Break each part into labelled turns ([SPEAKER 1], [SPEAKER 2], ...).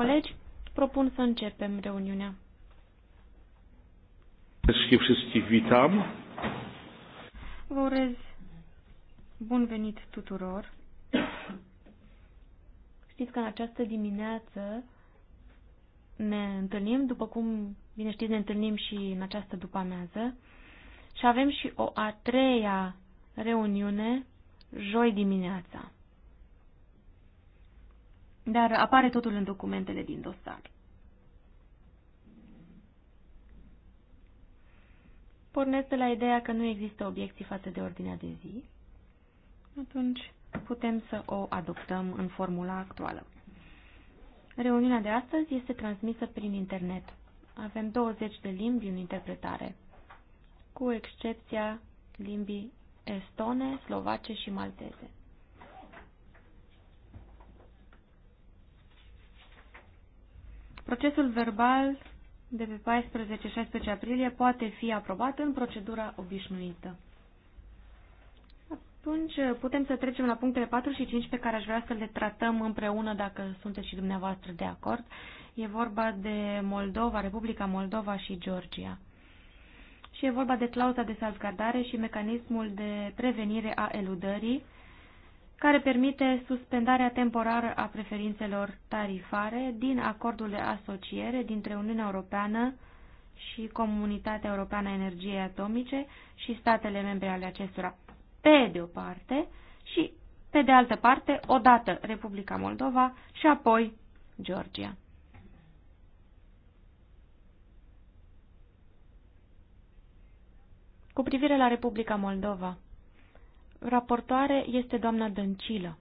[SPEAKER 1] colegi, propun să începem reuniunea. Deci, Vă urez bun venit tuturor. Știți că în această dimineață ne întâlnim, după cum bine știți, ne întâlnim și în această după-amiază și avem și o a treia reuniune joi dimineața dar apare totul în documentele din dosar. Pornesc de la ideea că nu există obiecții față de ordinea de zi, atunci putem să o adoptăm în formula actuală. Reuniunea de astăzi este transmisă prin internet. Avem 20 de limbi în interpretare, cu excepția limbii estone, slovace și malteze. Procesul verbal de pe 14-16 aprilie poate fi aprobat în procedura obișnuită. Atunci uh, putem să trecem la punctele 4 și 5 pe care aș vrea să le tratăm împreună dacă sunteți și dumneavoastră de acord. E vorba de Moldova, Republica Moldova și Georgia. Și e vorba de clauza de salvgardare și mecanismul de prevenire a eludării, care permite suspendarea temporară a preferințelor tarifare din acordul de asociere dintre Uniunea Europeană și Comunitatea Europeană a Energiei Atomice și statele membre ale acestora, pe de o parte, și pe de altă parte, odată Republica Moldova și apoi Georgia. Cu privire la Republica Moldova, Raportoare este doamna Dăncilă.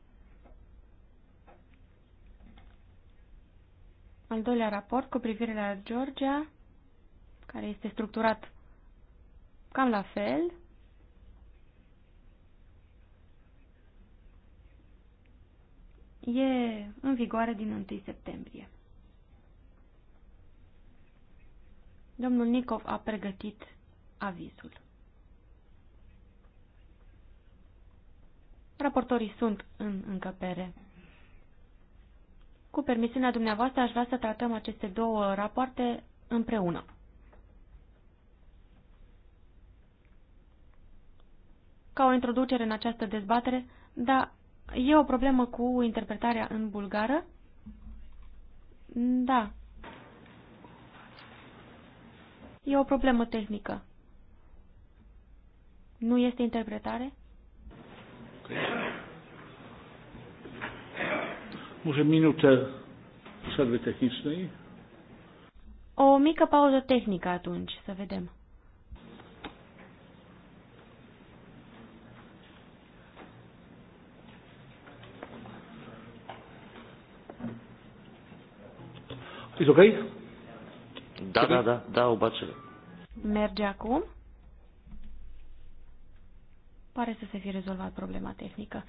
[SPEAKER 1] Al doilea raport cu privire la Georgia, care este structurat cam la fel. E în vigoare din 1 septembrie. Domnul Nicov a pregătit avizul. Raportorii sunt în încăpere. Cu permisiunea dumneavoastră, aș vrea să tratăm aceste două rapoarte împreună. Ca o introducere în această dezbatere, da, e o problemă cu interpretarea în bulgară? Da. E o problemă tehnică. Nu este interpretare?
[SPEAKER 2] Może minutę przerwy technicznej.
[SPEAKER 1] O mică pauză tehnică atunci, să vedem.
[SPEAKER 2] Is okay? Da, da, da, da, o bacere.
[SPEAKER 1] Merge acum? Pare să se fi rezolvat problema tehnică.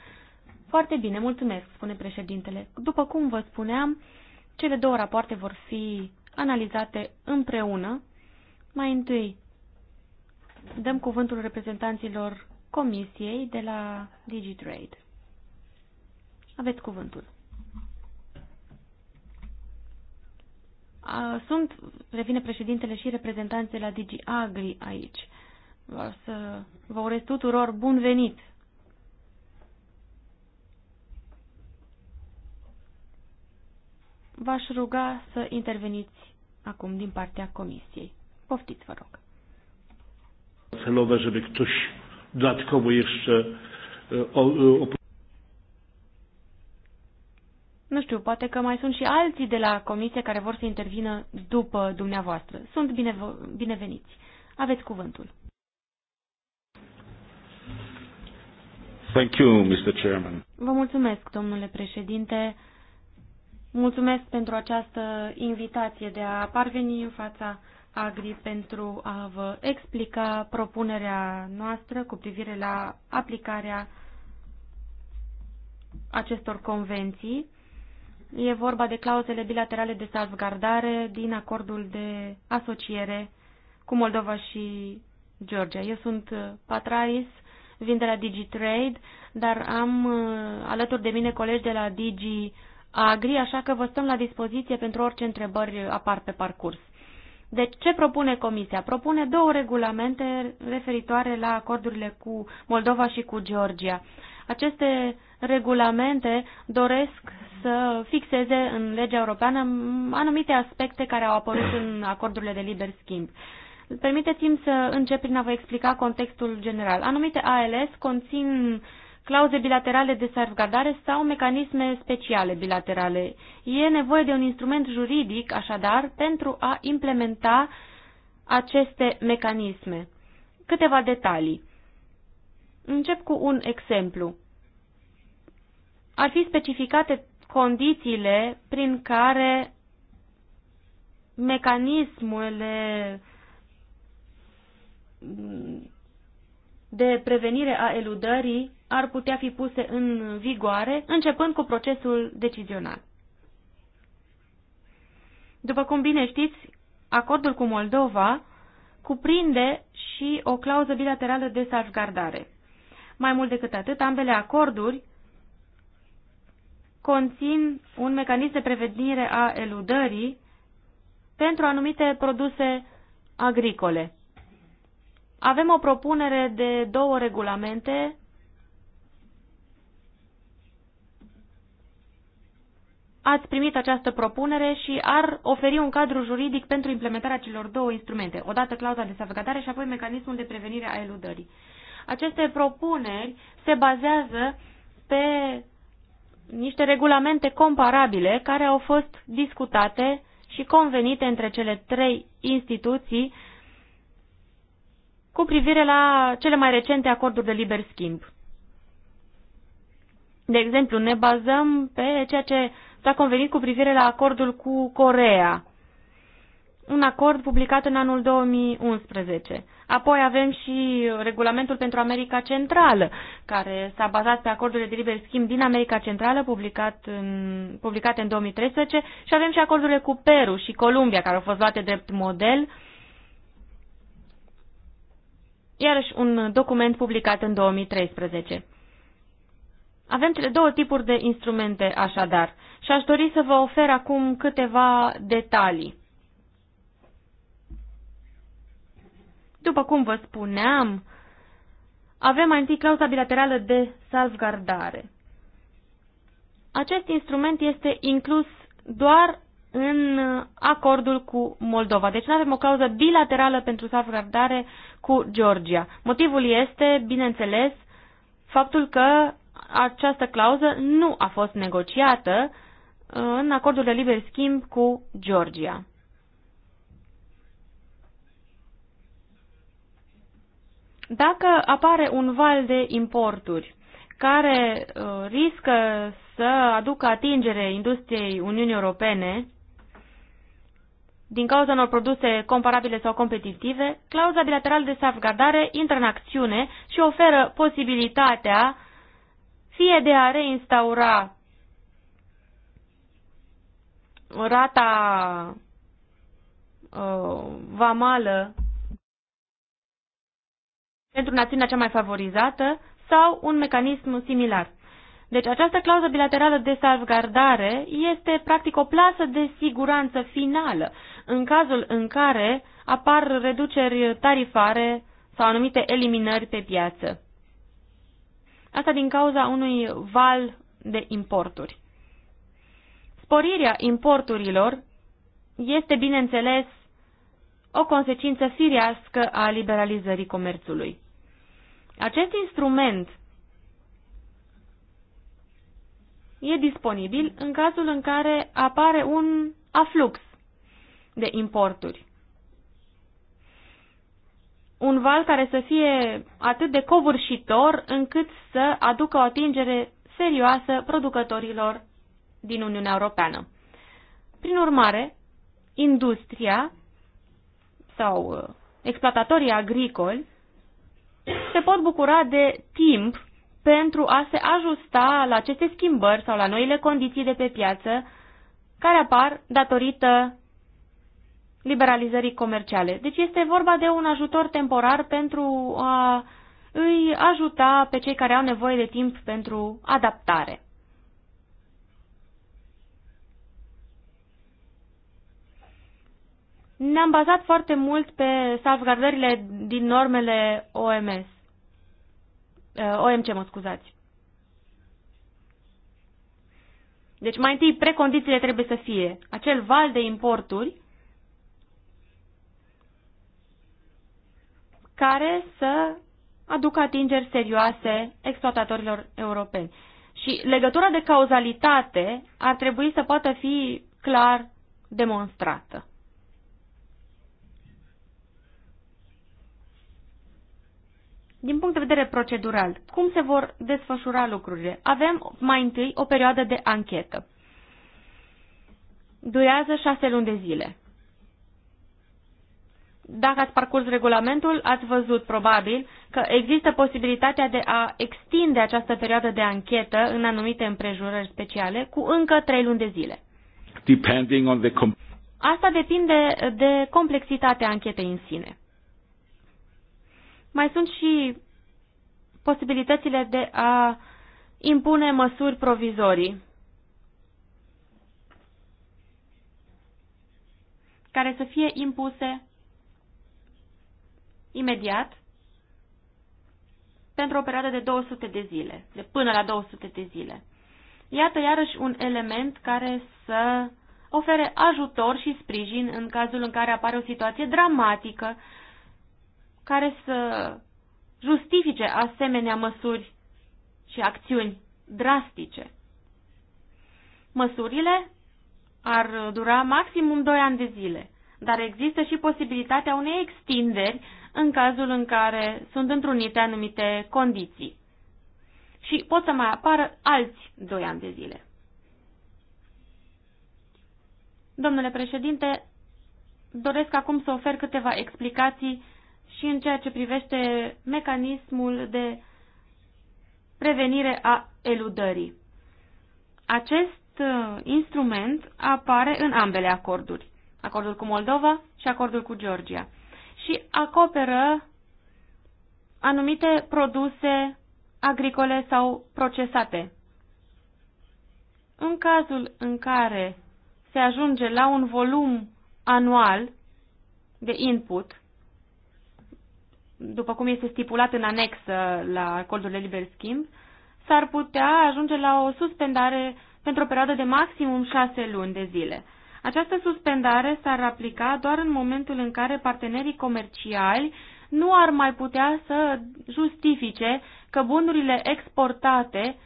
[SPEAKER 1] Foarte bine, mulțumesc, spune președintele. După cum vă spuneam, cele două rapoarte vor fi analizate împreună. Mai întâi dăm cuvântul reprezentanților comisiei de la DigiTrade. Aveți cuvântul. Sunt, revine președintele și reprezentanții la DigiAgri aici. Vreau să vă urez tuturor bun venit! V-aș ruga să interveniți acum din partea comisiei. Poftiți, vă rog.
[SPEAKER 2] Celowe, żeby ktoś dodatkowo jeszcze
[SPEAKER 1] nu știu, poate că mai sunt și alții de la comisie care vor să intervină după dumneavoastră. Sunt bine, bineveniți. Aveți cuvântul.
[SPEAKER 2] Thank you, Mr. Chairman.
[SPEAKER 1] Vă mulțumesc, domnule președinte. Mulțumesc pentru această invitație de a parveni în fața Agri pentru a vă explica propunerea noastră cu privire la aplicarea acestor convenții. E vorba de clauzele bilaterale de salvgardare din acordul de asociere cu Moldova și Georgia. Eu sunt Patraris vin de la DigiTrade, dar am uh, alături de mine colegi de la Digi Agri, așa că vă stăm la dispoziție pentru orice întrebări apar pe parcurs. Deci, ce propune Comisia? Propune două regulamente referitoare la acordurile cu Moldova și cu Georgia. Aceste regulamente doresc să fixeze în legea europeană anumite aspecte care au apărut în acordurile de liber schimb. Permiteți-mi să încep prin a vă explica contextul general. Anumite ALS conțin clauze bilaterale de salvgardare sau mecanisme speciale bilaterale. E nevoie de un instrument juridic, așadar, pentru a implementa aceste mecanisme. Câteva detalii. Încep cu un exemplu. Ar fi specificate condițiile prin care mecanismele de prevenire a eludării ar putea fi puse în vigoare, începând cu procesul decizional. După cum bine știți, acordul cu Moldova cuprinde și o clauză bilaterală de salvgardare. Mai mult decât atât, ambele acorduri conțin un mecanism de prevenire a eludării pentru anumite produse agricole. Avem o propunere de două regulamente ați primit această propunere și ar oferi un cadru juridic pentru implementarea celor două instrumente, odată clauza de salvgardare și apoi mecanismul de prevenire a eludării. Aceste propuneri se bazează pe niște regulamente comparabile care au fost discutate și convenite între cele trei instituții cu privire la cele mai recente acorduri de liber schimb. De exemplu, ne bazăm pe ceea ce s-a convenit cu privire la acordul cu Corea, un acord publicat în anul 2011. Apoi avem și regulamentul pentru America Centrală, care s-a bazat pe acordurile de liber schimb din America Centrală publicat în, publicate în 2013 și avem și acordurile cu Peru și Columbia, care au fost luate drept model uh, iarăși un document publicat în 2013. Avem cele două tipuri de instrumente, așadar, și aș dori să vă ofer acum câteva detalii. După cum vă spuneam, avem mai întâi clauza bilaterală de salvgardare. Acest instrument este inclus doar în acordul cu Moldova. Deci nu avem o clauză bilaterală pentru salvgardare cu Georgia. Motivul este, bineînțeles, faptul că această clauză nu a fost negociată în acordul de liber schimb cu Georgia. Dacă apare un val de importuri care uh, riscă să aducă atingere industriei Uniunii Europene, din cauza unor produse comparabile sau competitive, clauza bilaterală de salvgardare intră în acțiune și oferă posibilitatea fie de a reinstaura rata uh, vamală pentru națiunea cea mai favorizată sau un mecanism similar. Deci această clauză bilaterală de salvgardare este practic o plasă de siguranță finală în cazul în care apar reduceri tarifare sau anumite eliminări pe piață. Asta din cauza unui val de importuri. Sporirea importurilor este, bineînțeles, o consecință firească a liberalizării comerțului. Acest instrument e disponibil în cazul în care apare un aflux de importuri. Un val care să fie atât de covârșitor încât să aducă o atingere serioasă producătorilor din Uniunea Europeană. Prin urmare, industria sau uh, exploatatorii agricoli se pot bucura de timp pentru a se ajusta la aceste schimbări sau la noile condiții de pe piață care apar datorită liberalizării comerciale. Deci este vorba de un ajutor temporar pentru a îi ajuta pe cei care au nevoie de timp pentru adaptare. Ne-am bazat foarte mult pe salvgardările din normele OMS. Uh, OMC, mă scuzați. Deci mai întâi precondițiile trebuie să fie acel val de importuri care să aducă atingeri serioase exploatatorilor europeni. Și legătura de cauzalitate ar trebui să poată fi clar demonstrată. din punct de vedere procedural, cum se vor desfășura lucrurile? Avem mai întâi o perioadă de anchetă. Durează șase luni de zile. Dacă ați parcurs regulamentul, ați văzut probabil că există posibilitatea de a extinde această perioadă de anchetă în anumite împrejurări speciale cu încă trei luni de zile.
[SPEAKER 2] Depending on the
[SPEAKER 1] Asta depinde de complexitatea anchetei în sine. Mai sunt și posibilitățile de a impune măsuri provizorii care să fie impuse imediat pentru o perioadă de 200 de zile, de până la 200 de zile. Iată iarăși un element care să ofere ajutor și sprijin în cazul în care apare o situație dramatică care să justifice asemenea măsuri și acțiuni drastice. Măsurile ar dura maximum 2 ani de zile, dar există și posibilitatea unei extinderi în cazul în care sunt întrunite anumite condiții. Și pot să mai apară alți 2 ani de zile. Domnule președinte, doresc acum să ofer câteva explicații și în ceea ce privește mecanismul de prevenire a eludării. Acest uh, instrument apare în ambele acorduri, acordul cu Moldova și acordul cu Georgia, și acoperă anumite produse agricole sau procesate. În cazul în care se ajunge la un volum anual de input după cum este stipulat în anexă la acordul de liber schimb, s-ar putea ajunge la o suspendare pentru o perioadă de maximum șase luni de zile. Această suspendare s-ar aplica doar în momentul în care partenerii comerciali nu ar mai putea să justifice că bunurile exportate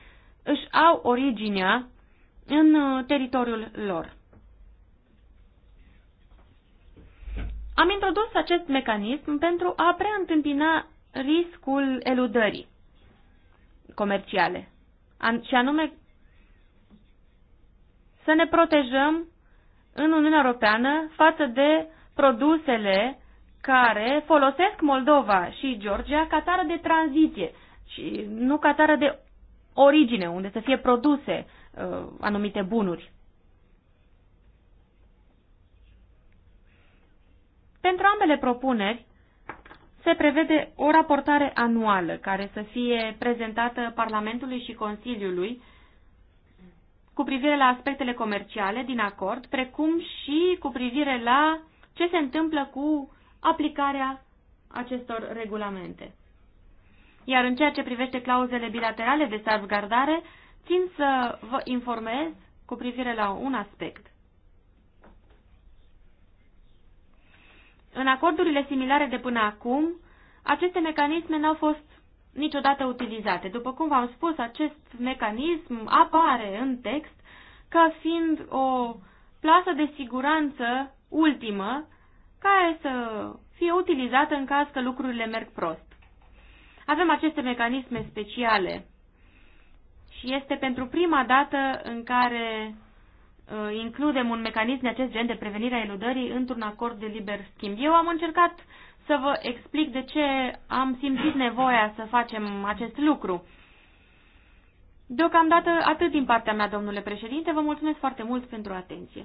[SPEAKER 1] își au originea în uh, teritoriul lor. Am introdus acest mecanism pentru a preîntâmpina riscul eludării comerciale, și anume să ne protejăm în Uniunea Europeană față de produsele care folosesc Moldova și Georgia ca țară de tranziție și nu ca țară de origine, unde să fie produse uh, anumite bunuri. Pentru ambele propuneri se prevede o raportare anuală care să fie prezentată Parlamentului și Consiliului cu privire la aspectele comerciale din acord, precum și cu privire la ce se întâmplă cu aplicarea acestor regulamente. Iar în ceea ce privește clauzele bilaterale de salvgardare, țin să vă informez cu privire la un aspect. În acordurile similare de până acum, aceste mecanisme n-au fost niciodată utilizate. După cum v-am spus, acest mecanism apare în text ca fiind o plasă de siguranță ultimă care să fie utilizată în caz că lucrurile merg prost. Avem aceste mecanisme speciale și este pentru prima dată în care Uh, includem un mecanism de acest gen de prevenire a eludării într-un acord de liber schimb. Eu am încercat să vă explic de ce am simțit nevoia să facem acest lucru. Deocamdată atât din partea mea, domnule președinte. Vă mulțumesc foarte mult pentru atenție.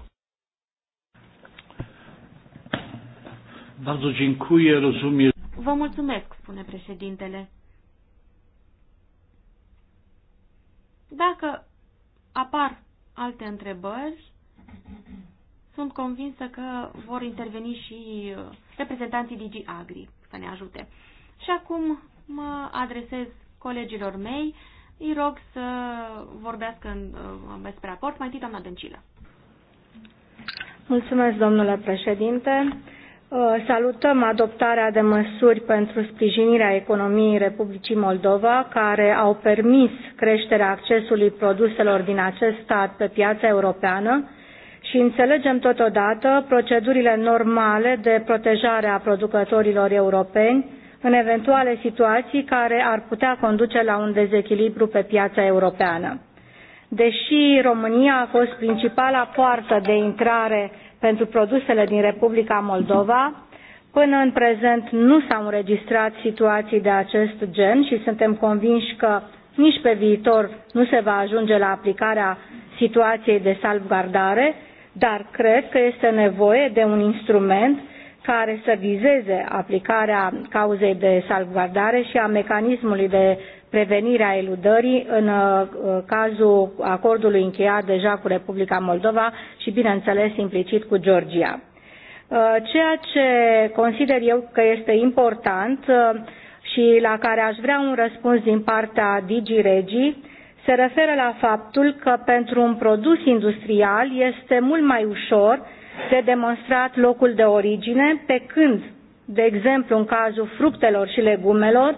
[SPEAKER 1] Vă mulțumesc, spune președintele. Dacă apar alte întrebări, sunt convinsă că vor interveni și reprezentanții Digi Agri să ne ajute. Și acum mă adresez colegilor mei, îi rog să vorbească în, despre raport. Mai întâi, doamna Dăncilă.
[SPEAKER 3] Mulțumesc, domnule președinte. Uh, salutăm adoptarea de măsuri pentru sprijinirea economiei Republicii Moldova, care au permis creșterea accesului produselor din acest stat pe piața europeană și înțelegem totodată procedurile normale de protejare a producătorilor europeni în eventuale situații care ar putea conduce la un dezechilibru pe piața europeană. Deși România a fost principala poartă de intrare pentru produsele din Republica Moldova. Până în prezent nu s-au înregistrat situații de acest gen și suntem convinși că nici pe viitor nu se va ajunge la aplicarea situației de salvgardare, dar cred că este nevoie de un instrument care să vizeze aplicarea cauzei de salvgardare și a mecanismului de prevenirea eludării în uh, cazul acordului încheiat deja cu Republica Moldova și, bineînțeles, implicit cu Georgia. Uh, ceea ce consider eu că este important uh, și la care aș vrea un răspuns din partea Digiregi se referă la faptul că pentru un produs industrial este mult mai ușor de demonstrat locul de origine, pe când, de exemplu, în cazul fructelor și legumelor,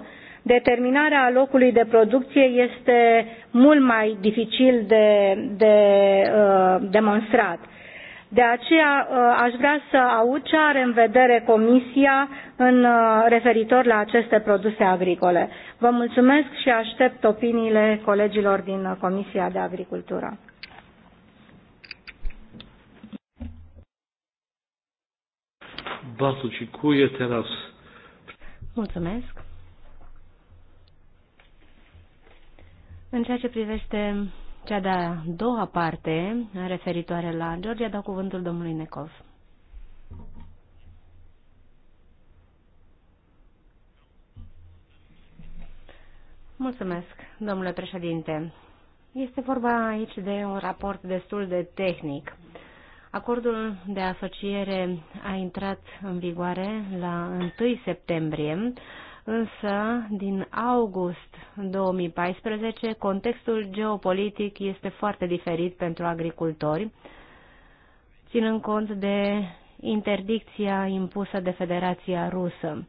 [SPEAKER 3] determinarea locului de producție este mult mai dificil de, de uh, demonstrat. De aceea uh, aș vrea să aud ce are în vedere Comisia în uh, referitor la aceste produse agricole. Vă mulțumesc și aștept opiniile colegilor din uh, Comisia de Agricultură.
[SPEAKER 2] Bardzo dziękuję. Teraz
[SPEAKER 3] Mulțumesc.
[SPEAKER 1] În ceea ce privește cea de-a doua parte, referitoare la Georgia, dau cuvântul domnului Necov. Mulțumesc, domnule președinte. Este vorba aici de un raport destul de tehnic. Acordul de asociere a intrat în vigoare la 1 septembrie Însă, din august 2014, contextul geopolitic este foarte diferit pentru agricultori, ținând cont de interdicția impusă de Federația Rusă.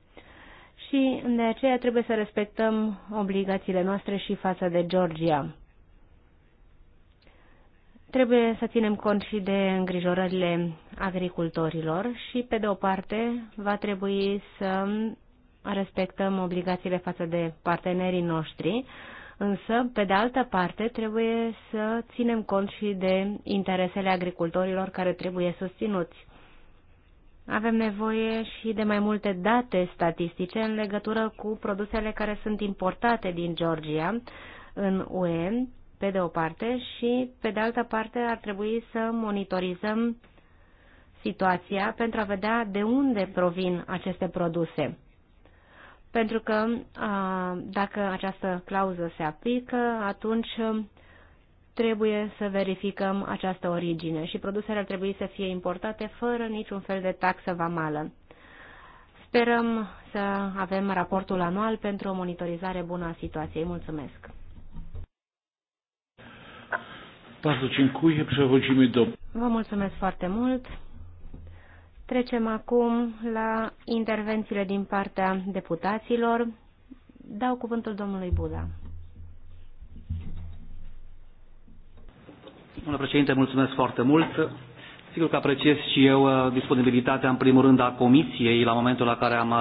[SPEAKER 1] Și de aceea trebuie să respectăm obligațiile noastre și față de Georgia. Trebuie să ținem cont și de îngrijorările agricultorilor și, pe de o parte, va trebui să respectăm obligațiile față de partenerii noștri, însă, pe de altă parte, trebuie să ținem cont și de interesele agricultorilor care trebuie susținuți. Avem nevoie și de mai multe date statistice în legătură cu produsele care sunt importate din Georgia în UE, pe de o parte, și pe de altă parte ar trebui să monitorizăm situația pentru a vedea de unde provin aceste produse. Pentru că dacă această clauză se aplică, atunci trebuie să verificăm această origine și produsele ar trebui să fie importate fără niciun fel de taxă vamală. Sperăm să avem raportul anual pentru o monitorizare bună a situației. Mulțumesc! Vă mulțumesc foarte mult. Trecem acum la intervențiile din partea deputaților. Dau cuvântul domnului Buda.
[SPEAKER 4] Domnule președinte, mulțumesc foarte mult. Sigur că apreciez și eu uh, disponibilitatea, în primul rând, a Comisiei la momentul la care am uh,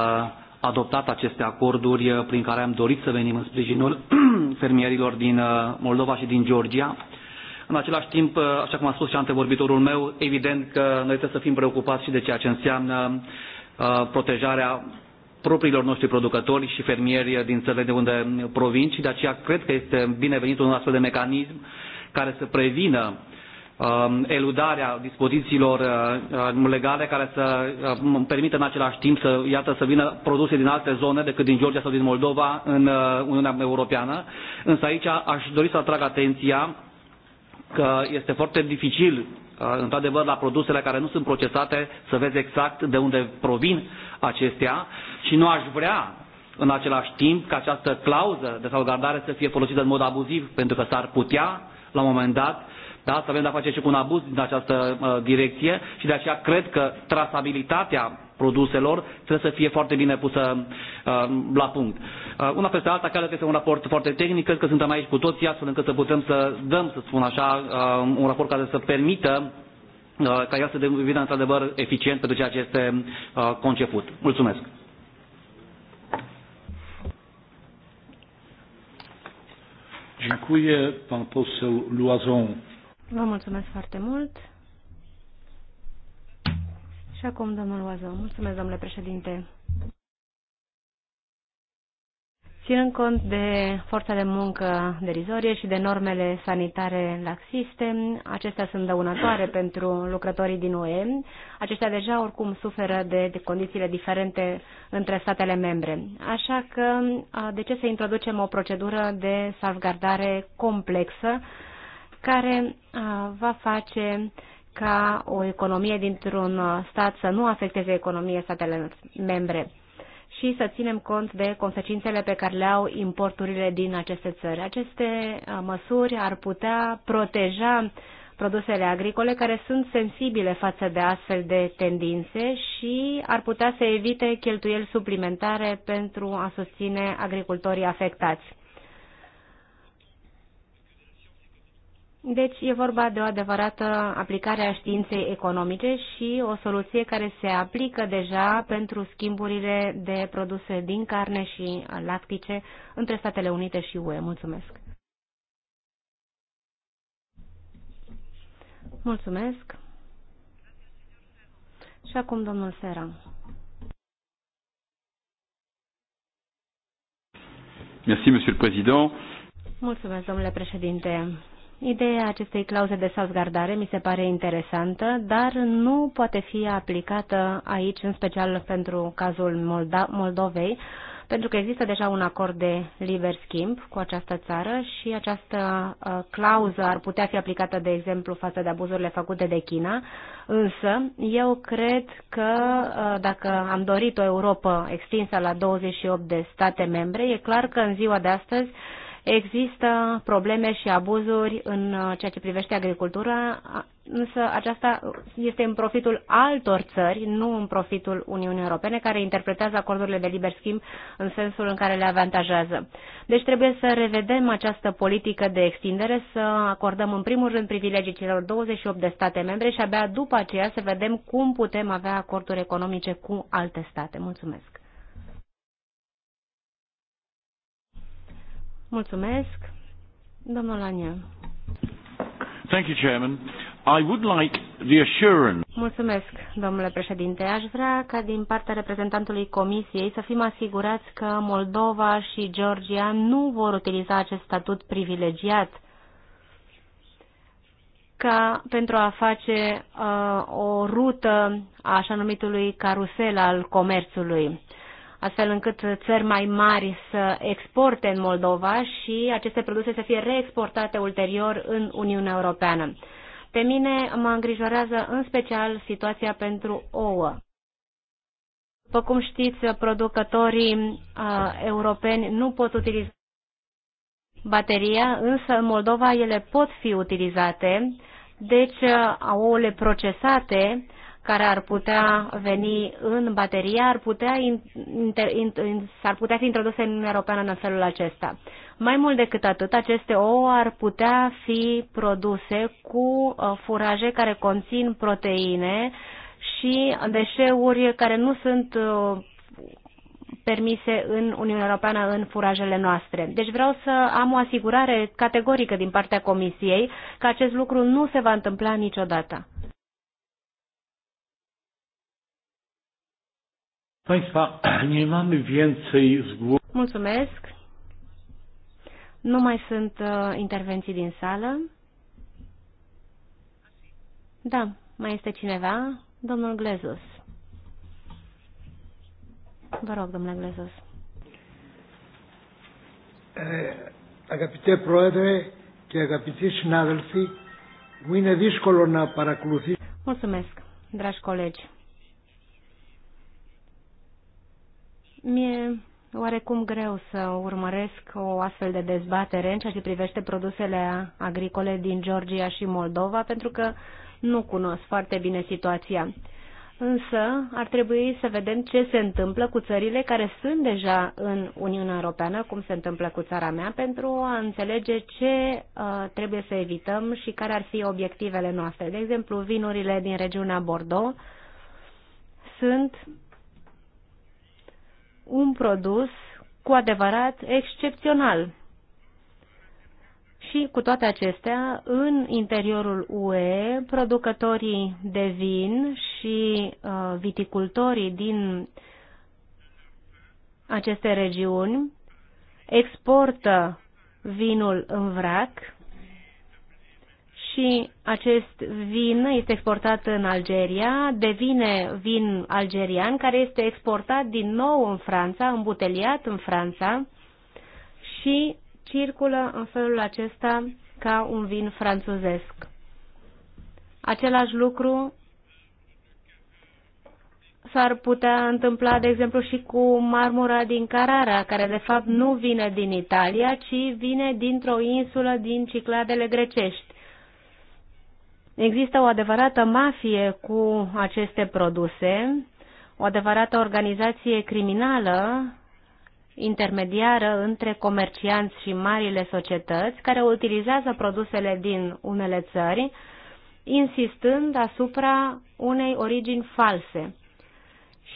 [SPEAKER 4] adoptat aceste acorduri uh, prin care am dorit să venim în sprijinul fermierilor din Moldova și din Georgia în același timp, așa cum a spus și antevorbitorul meu, evident că noi trebuie să fim preocupați și de ceea ce înseamnă uh, protejarea propriilor noștri producători și fermieri din țările de unde provin și de aceea cred că este binevenit un astfel de mecanism care să prevină um, eludarea dispozițiilor uh, uh, legale care să permită în același timp să, iată, să vină produse din alte zone decât din Georgia sau din Moldova în Uniunea Europeană. Însă aici aș dori să atrag atenția că este foarte dificil, uh, într-adevăr, la produsele care nu sunt procesate să vezi exact de unde provin acestea și nu aș vrea în același timp ca această clauză de salvgardare să fie folosită în mod abuziv, pentru că s-ar putea, la un moment dat, da, să avem de-a face și cu un abuz din această uh, direcție și de aceea cred că trasabilitatea produselor trebuie să fie foarte bine pusă uh, la punct. Uh, una peste alta, cred că este un raport foarte tehnic, cred că suntem aici cu toții astfel încât să putem să dăm, să spun așa, uh, un raport care să permită ca el să devină într-adevăr eficient pentru ceea ce este conceput. Mulțumesc! Dziękuję. Pan
[SPEAKER 2] poseł luazon.
[SPEAKER 1] Vă mulțumesc foarte mult. Și acum, domnul Oază. Mulțumesc, domnule președinte. Ținând cont de forța de muncă derizorie și de normele sanitare laxiste, acestea sunt dăunătoare pentru lucrătorii din UE. Aceștia deja oricum suferă de, de condițiile diferente între statele membre. Așa că de ce să introducem o procedură de salvgardare complexă care va face ca o economie dintr-un uh, stat să nu afecteze economia statele membre și să ținem cont de consecințele pe care le au importurile din aceste țări. Aceste uh, măsuri ar putea proteja produsele agricole care sunt sensibile față de astfel de tendințe și ar putea să evite cheltuieli suplimentare pentru a susține agricultorii afectați. Deci e vorba de o adevărată aplicare a științei economice și o soluție care se aplică deja pentru schimburile de produse din carne și lactice între Statele Unite și UE. Mulțumesc! Mulțumesc! Și acum domnul Seran. Mulțumesc, domnule președinte. Ideea acestei clauze de salvgardare mi se pare interesantă, dar nu poate fi aplicată aici, în special pentru cazul Moldo Moldovei, pentru că există deja un acord de liber schimb cu această țară și această uh, clauză ar putea fi aplicată, de exemplu, față de abuzurile făcute de China, însă eu cred că uh, dacă am dorit o Europa extinsă la 28 de state membre, e clar că în ziua de astăzi uh, Există probleme și abuzuri în uh, ceea ce privește agricultura, uh, însă aceasta este în profitul altor țări, nu în profitul Uniunii Europene, care interpretează acordurile de liber schimb în sensul în care le avantajează. Deci trebuie să revedem această politică de extindere, să acordăm în primul rând privilegii celor 28 de state membre și abia după aceea să vedem cum putem avea acorduri economice cu alte state. Mulțumesc! Mulțumesc. Domnul Anian.
[SPEAKER 2] Thank you, Chairman. I would like the assurance.
[SPEAKER 1] Mulțumesc, domnule președinte. Aș vrea ca din partea reprezentantului Comisiei să fim asigurați că Moldova și Georgia nu vor utiliza acest statut privilegiat ca pentru a face uh, o rută a așa numitului carusel al comerțului astfel încât țări mai mari să exporte în Moldova și aceste produse să fie reexportate ulterior în Uniunea Europeană. Pe mine mă îngrijorează în special situația pentru ouă. După cum știți, producătorii uh, europeni nu pot utiliza bateria, însă în Moldova ele pot fi utilizate, deci uh, ouăle procesate care ar putea veni în baterie ar putea, inter, inter, ar putea fi introduse în Uniunea Europeană în felul acesta. Mai mult decât atât, aceste ouă ar putea fi produse cu uh, furaje care conțin proteine și deșeuri care nu sunt uh, permise în Uniunea Europeană în furajele noastre. Deci vreau să am o asigurare categorică din partea Comisiei că acest lucru nu se va întâmpla niciodată.
[SPEAKER 2] Państwa, nie mamy więcej zgłoszeń. Mulțumesc.
[SPEAKER 1] Nu mai sunt uh, intervenții din sală. Da, mai este cineva? Domnul Glezos. Vă rog, domnule Glezos.
[SPEAKER 2] Αγαπητέ Πρόεδρε και αγαπητοί συνάδελφοι, μου είναι δύσκολο a παρακολουθήσω. Mulțumesc,
[SPEAKER 1] dragi colegi. mi-e oarecum greu să urmăresc o astfel de dezbatere în ceea ce privește produsele agricole din Georgia și Moldova, pentru că nu cunosc foarte bine situația. Însă ar trebui să vedem ce se întâmplă cu țările care sunt deja în Uniunea Europeană, cum se întâmplă cu țara mea, pentru a înțelege ce uh, trebuie să evităm și care ar fi obiectivele noastre. De exemplu, vinurile din regiunea Bordeaux sunt un produs cu adevărat excepțional. Și cu toate acestea, în interiorul UE, producătorii de vin și uh, viticultorii din aceste regiuni exportă vinul în vrac și acest vin este exportat în Algeria, devine vin algerian care este exportat din nou în Franța, îmbuteliat în Franța și circulă în felul acesta ca un vin franțuzesc. Același lucru s-ar putea întâmpla, de exemplu, și cu marmura din Carara, care de fapt nu vine din Italia, ci vine dintr-o insulă din Cicladele grecești. Există o adevărată mafie cu aceste produse, o adevărată organizație criminală intermediară între comercianți și marile societăți care utilizează produsele din unele țări, insistând asupra unei origini false.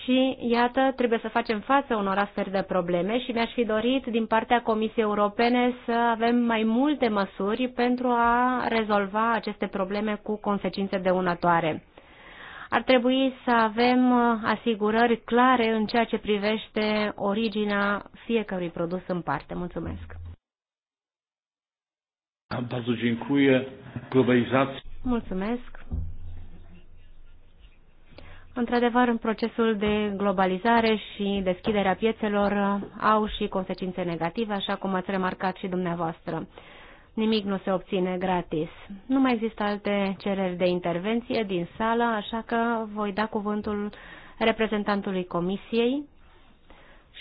[SPEAKER 1] Și, iată, trebuie să facem față unor astfel de probleme și mi-aș fi dorit din partea Comisiei Europene să avem mai multe măsuri pentru a rezolva aceste probleme cu consecințe dăunătoare. Ar trebui să avem asigurări clare în ceea ce privește originea fiecărui produs în parte. Mulțumesc! Mulțumesc! Într-adevăr, în procesul de globalizare și deschiderea piețelor uh, au și consecințe negative, așa cum ați remarcat și dumneavoastră. Nimic nu se obține gratis. Nu mai există alte cereri de intervenție din sală, așa că voi da cuvântul reprezentantului comisiei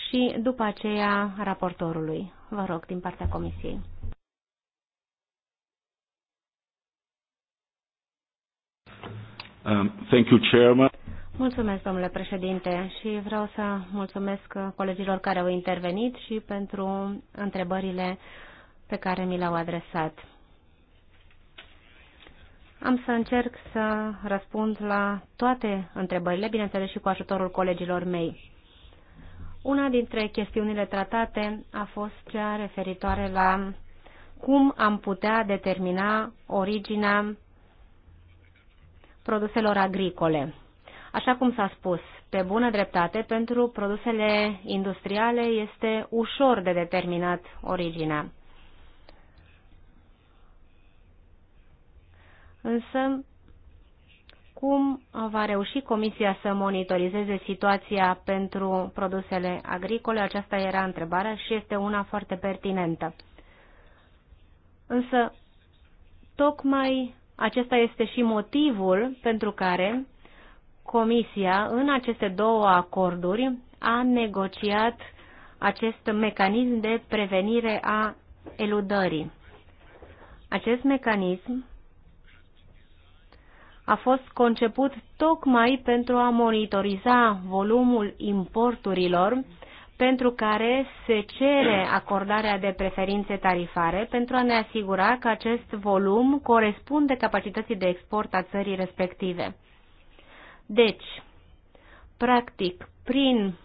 [SPEAKER 1] și după aceea raportorului. Vă rog, din partea comisiei.
[SPEAKER 2] Um, thank you, Chairman.
[SPEAKER 1] Mulțumesc, domnule președinte, și vreau să mulțumesc colegilor care au intervenit și pentru întrebările pe care mi le-au adresat. Am să încerc să răspund la toate întrebările, bineînțeles și cu ajutorul colegilor mei. Una dintre chestiunile tratate a fost cea referitoare la cum am putea determina originea produselor agricole. Așa cum s-a spus, pe bună dreptate, pentru produsele industriale este ușor de determinat originea. Însă, cum va reuși Comisia să monitorizeze situația pentru produsele agricole? Aceasta era întrebarea și este una foarte pertinentă. Însă, tocmai acesta este și motivul pentru care Comisia, în aceste două acorduri, a negociat acest mecanism de prevenire a eludării. Acest mecanism a fost conceput tocmai pentru a monitoriza volumul importurilor pentru care se cere acordarea de preferințe tarifare pentru a ne asigura că acest volum corespunde capacității de export a țării respective. Deci, practic, prin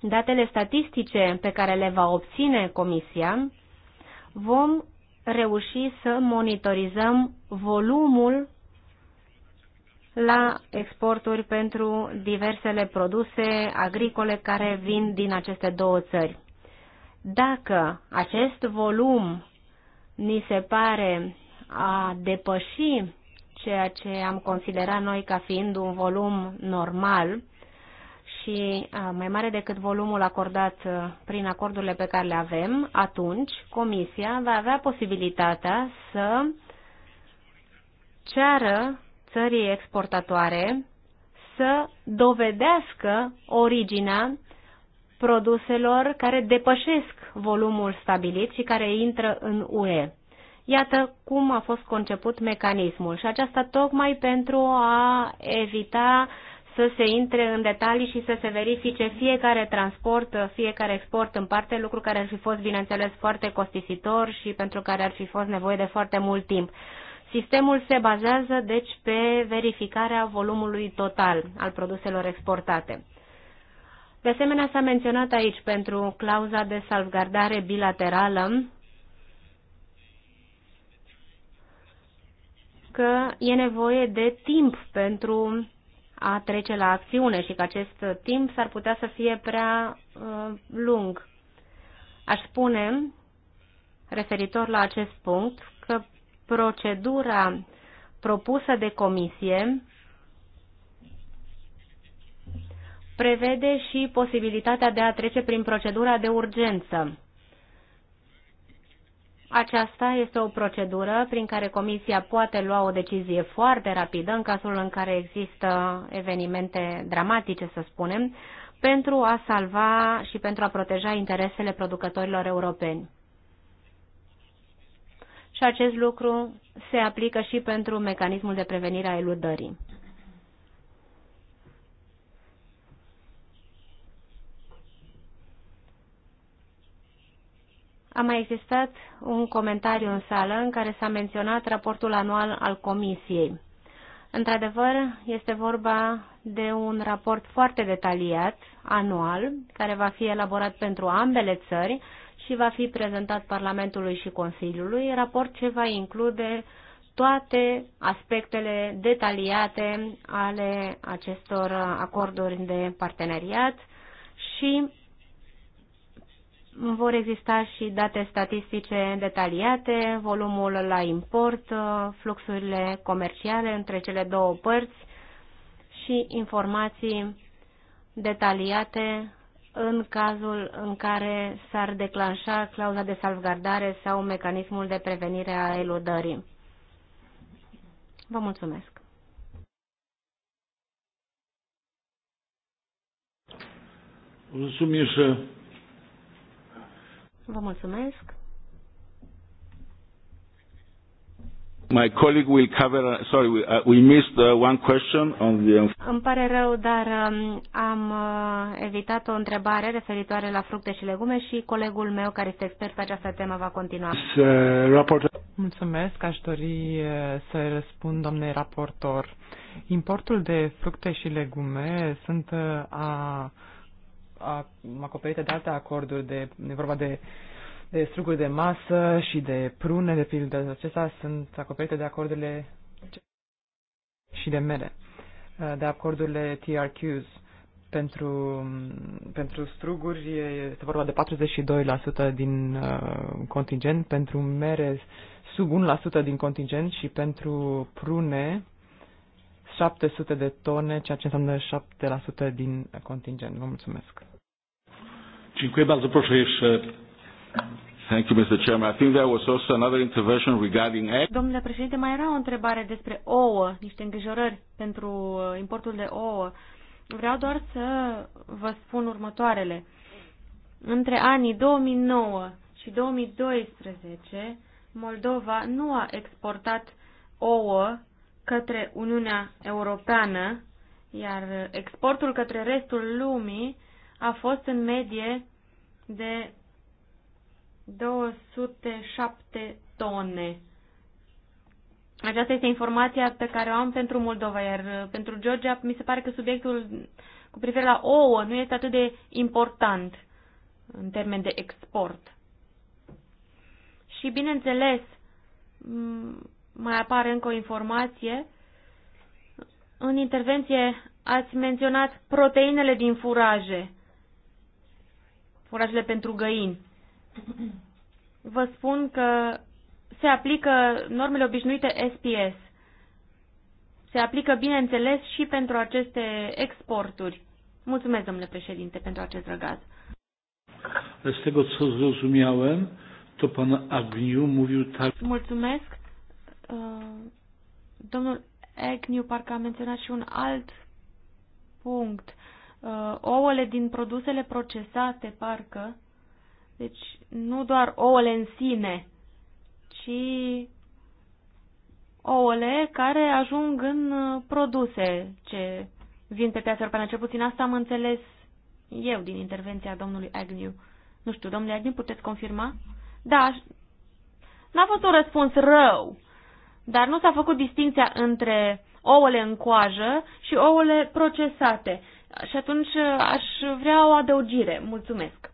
[SPEAKER 1] datele statistice pe care le va obține Comisia, vom reuși să monitorizăm volumul la exporturi pentru diversele produse agricole care vin din aceste două țări. Dacă acest volum ni se pare a depăși ceea ce am considerat noi ca fiind un volum normal și mai mare decât volumul acordat prin acordurile pe care le avem, atunci Comisia va avea posibilitatea să ceară țării exportatoare să dovedească originea produselor care depășesc volumul stabilit și care intră în UE. Iată cum a fost conceput mecanismul și aceasta tocmai pentru a evita să se intre în detalii și să se verifice fiecare transport, fiecare export în parte, lucru care ar fi fost, bineînțeles, foarte costisitor și pentru care ar fi fost nevoie de foarte mult timp. Sistemul se bazează, deci, pe verificarea volumului total al produselor exportate. De asemenea, s-a menționat aici pentru clauza de salvgardare bilaterală că e nevoie de timp pentru a trece la acțiune și că acest timp s-ar putea să fie prea uh, lung. Aș spune, referitor la acest punct, că procedura propusă de comisie prevede și posibilitatea de a trece prin procedura de urgență. Aceasta este o procedură prin care Comisia poate lua o decizie foarte rapidă în cazul în care există evenimente dramatice, să spunem, pentru a salva și pentru a proteja interesele producătorilor europeni. Și acest lucru se aplică și pentru mecanismul de prevenire a eludării. A mai existat un comentariu în sală în care s-a menționat raportul anual al Comisiei. Într-adevăr, este vorba de un raport foarte detaliat, anual, care va fi elaborat pentru ambele țări și va fi prezentat Parlamentului și Consiliului, raport ce va include toate aspectele detaliate ale acestor acorduri de parteneriat și vor exista și date statistice detaliate, volumul la import, fluxurile comerciale între cele două părți și informații detaliate în cazul în care s-ar declanșa clauza de salvgardare sau mecanismul de prevenire a eludării. Vă mulțumesc!
[SPEAKER 2] Rozumiesz, że
[SPEAKER 1] Vă mulțumesc.
[SPEAKER 2] My colleague will cover, uh, sorry, we, uh, missed uh, one question on the...
[SPEAKER 1] Îmi pare rău, dar um, am evitat o întrebare referitoare la fructe și legume și colegul meu, care este expert pe această temă, va continua.
[SPEAKER 5] Mulțumesc, aș dori să răspund, domnule raportor. Importul de fructe și legume sunt a acoperite de alte acorduri, de, e vorba de, de struguri de masă și de prune, de pildă. Acestea sunt acoperite de acordurile și de mere, uh, de acordurile TRQs. Pentru, pentru struguri este vorba de 42% din uh, contingent, pentru mere sub 1% din contingent și pentru prune 700 de tone, ceea ce înseamnă 7% din contingent. Vă mulțumesc.
[SPEAKER 2] Dziękuję bardzo. Proszę jeszcze. Thank you, Mr. Chairman. I think there was also another intervention regarding eggs. Domnule
[SPEAKER 1] președinte, mai era o întrebare despre ouă, niște îngrijorări pentru importul de ouă. Vreau doar să vă spun următoarele. Între anii 2009 și 2012, Moldova nu a exportat ouă către Uniunea Europeană, iar exportul către restul lumii a fost în medie de 207 tone. Aceasta este informația pe care o am pentru Moldova, iar uh, pentru Georgia mi se pare că subiectul cu privire la ouă nu este atât de important în termen de export. Și bineînțeles, mai apare încă o informație. În intervenție ați menționat proteinele din furaje, furajele pentru găini. Vă spun că se aplică normele obișnuite SPS. Se aplică, bineînțeles, și pentru aceste exporturi. Mulțumesc, domnule președinte, pentru acest răgaz.
[SPEAKER 2] Z tego co zrozumiałem, to pan Agniu mówił tak. Mulțumesc.
[SPEAKER 1] Uh, domnul Agnew parcă a menționat și un alt punct. Uh, ouăle din produsele procesate, parcă. Deci nu doar ouăle în sine, ci ouăle care ajung în uh, produse ce vin pe piața europeană. Cel puțin asta am înțeles eu din intervenția domnului Agnew. Nu știu, domnule Agnew, puteți confirma? Da, n-a fost un răspuns rău dar nu s-a făcut distinția între ouăle în coajă și ouăle procesate. Și atunci uh, aș vrea o adăugire. Mulțumesc.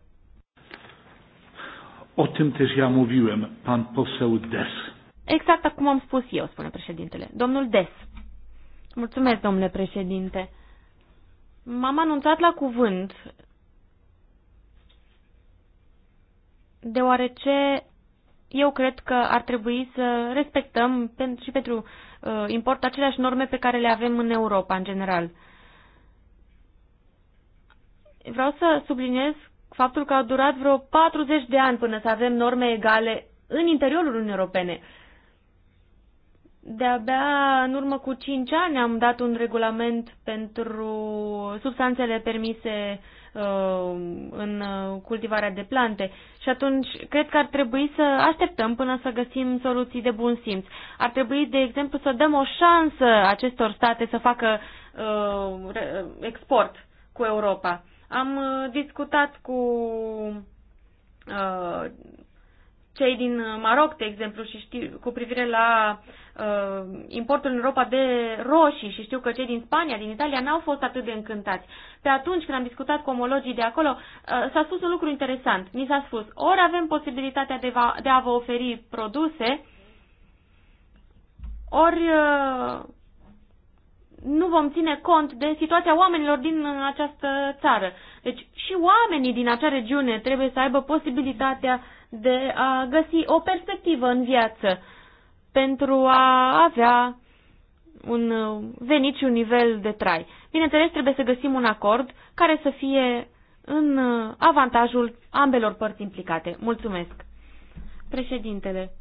[SPEAKER 2] O tym też ja mówiłem, pan poseł Des.
[SPEAKER 1] Exact cum am spus eu, spune președintele. Domnul Des. Mulțumesc, domnule președinte. M-am anunțat la cuvânt deoarece eu cred că ar trebui să respectăm și pentru uh, import aceleași norme pe care le avem în Europa, în general. Vreau să subliniez faptul că a durat vreo 40 de ani până să avem norme egale în interiorul Uniunii Europene. De-abia în urmă cu 5 ani am dat un regulament pentru substanțele permise Uh, în uh, cultivarea de plante. Și atunci, cred că ar trebui să așteptăm până să găsim soluții de bun simț. Ar trebui, de exemplu, să dăm o șansă acestor state să facă uh, export cu Europa. Am discutat cu cei din uh, Maroc, de exemplu, și știu, cu privire la uh, importul în Europa de roșii și știu că cei din Spania, din Italia, n-au fost atât de încântați. Pe atunci când am discutat cu omologii de acolo, uh, s-a spus un lucru interesant. Ni s-a spus, ori avem posibilitatea de, va, de a vă oferi produse, ori uh, nu vom ține cont de situația oamenilor din uh, această țară. Deci și oamenii din acea regiune trebuie să aibă posibilitatea uh, de a găsi o perspectivă în viață pentru a avea un venit și un nivel de trai. Bineînțeles, trebuie să găsim un acord care să fie în avantajul ambelor părți implicate. Mulțumesc. Președintele,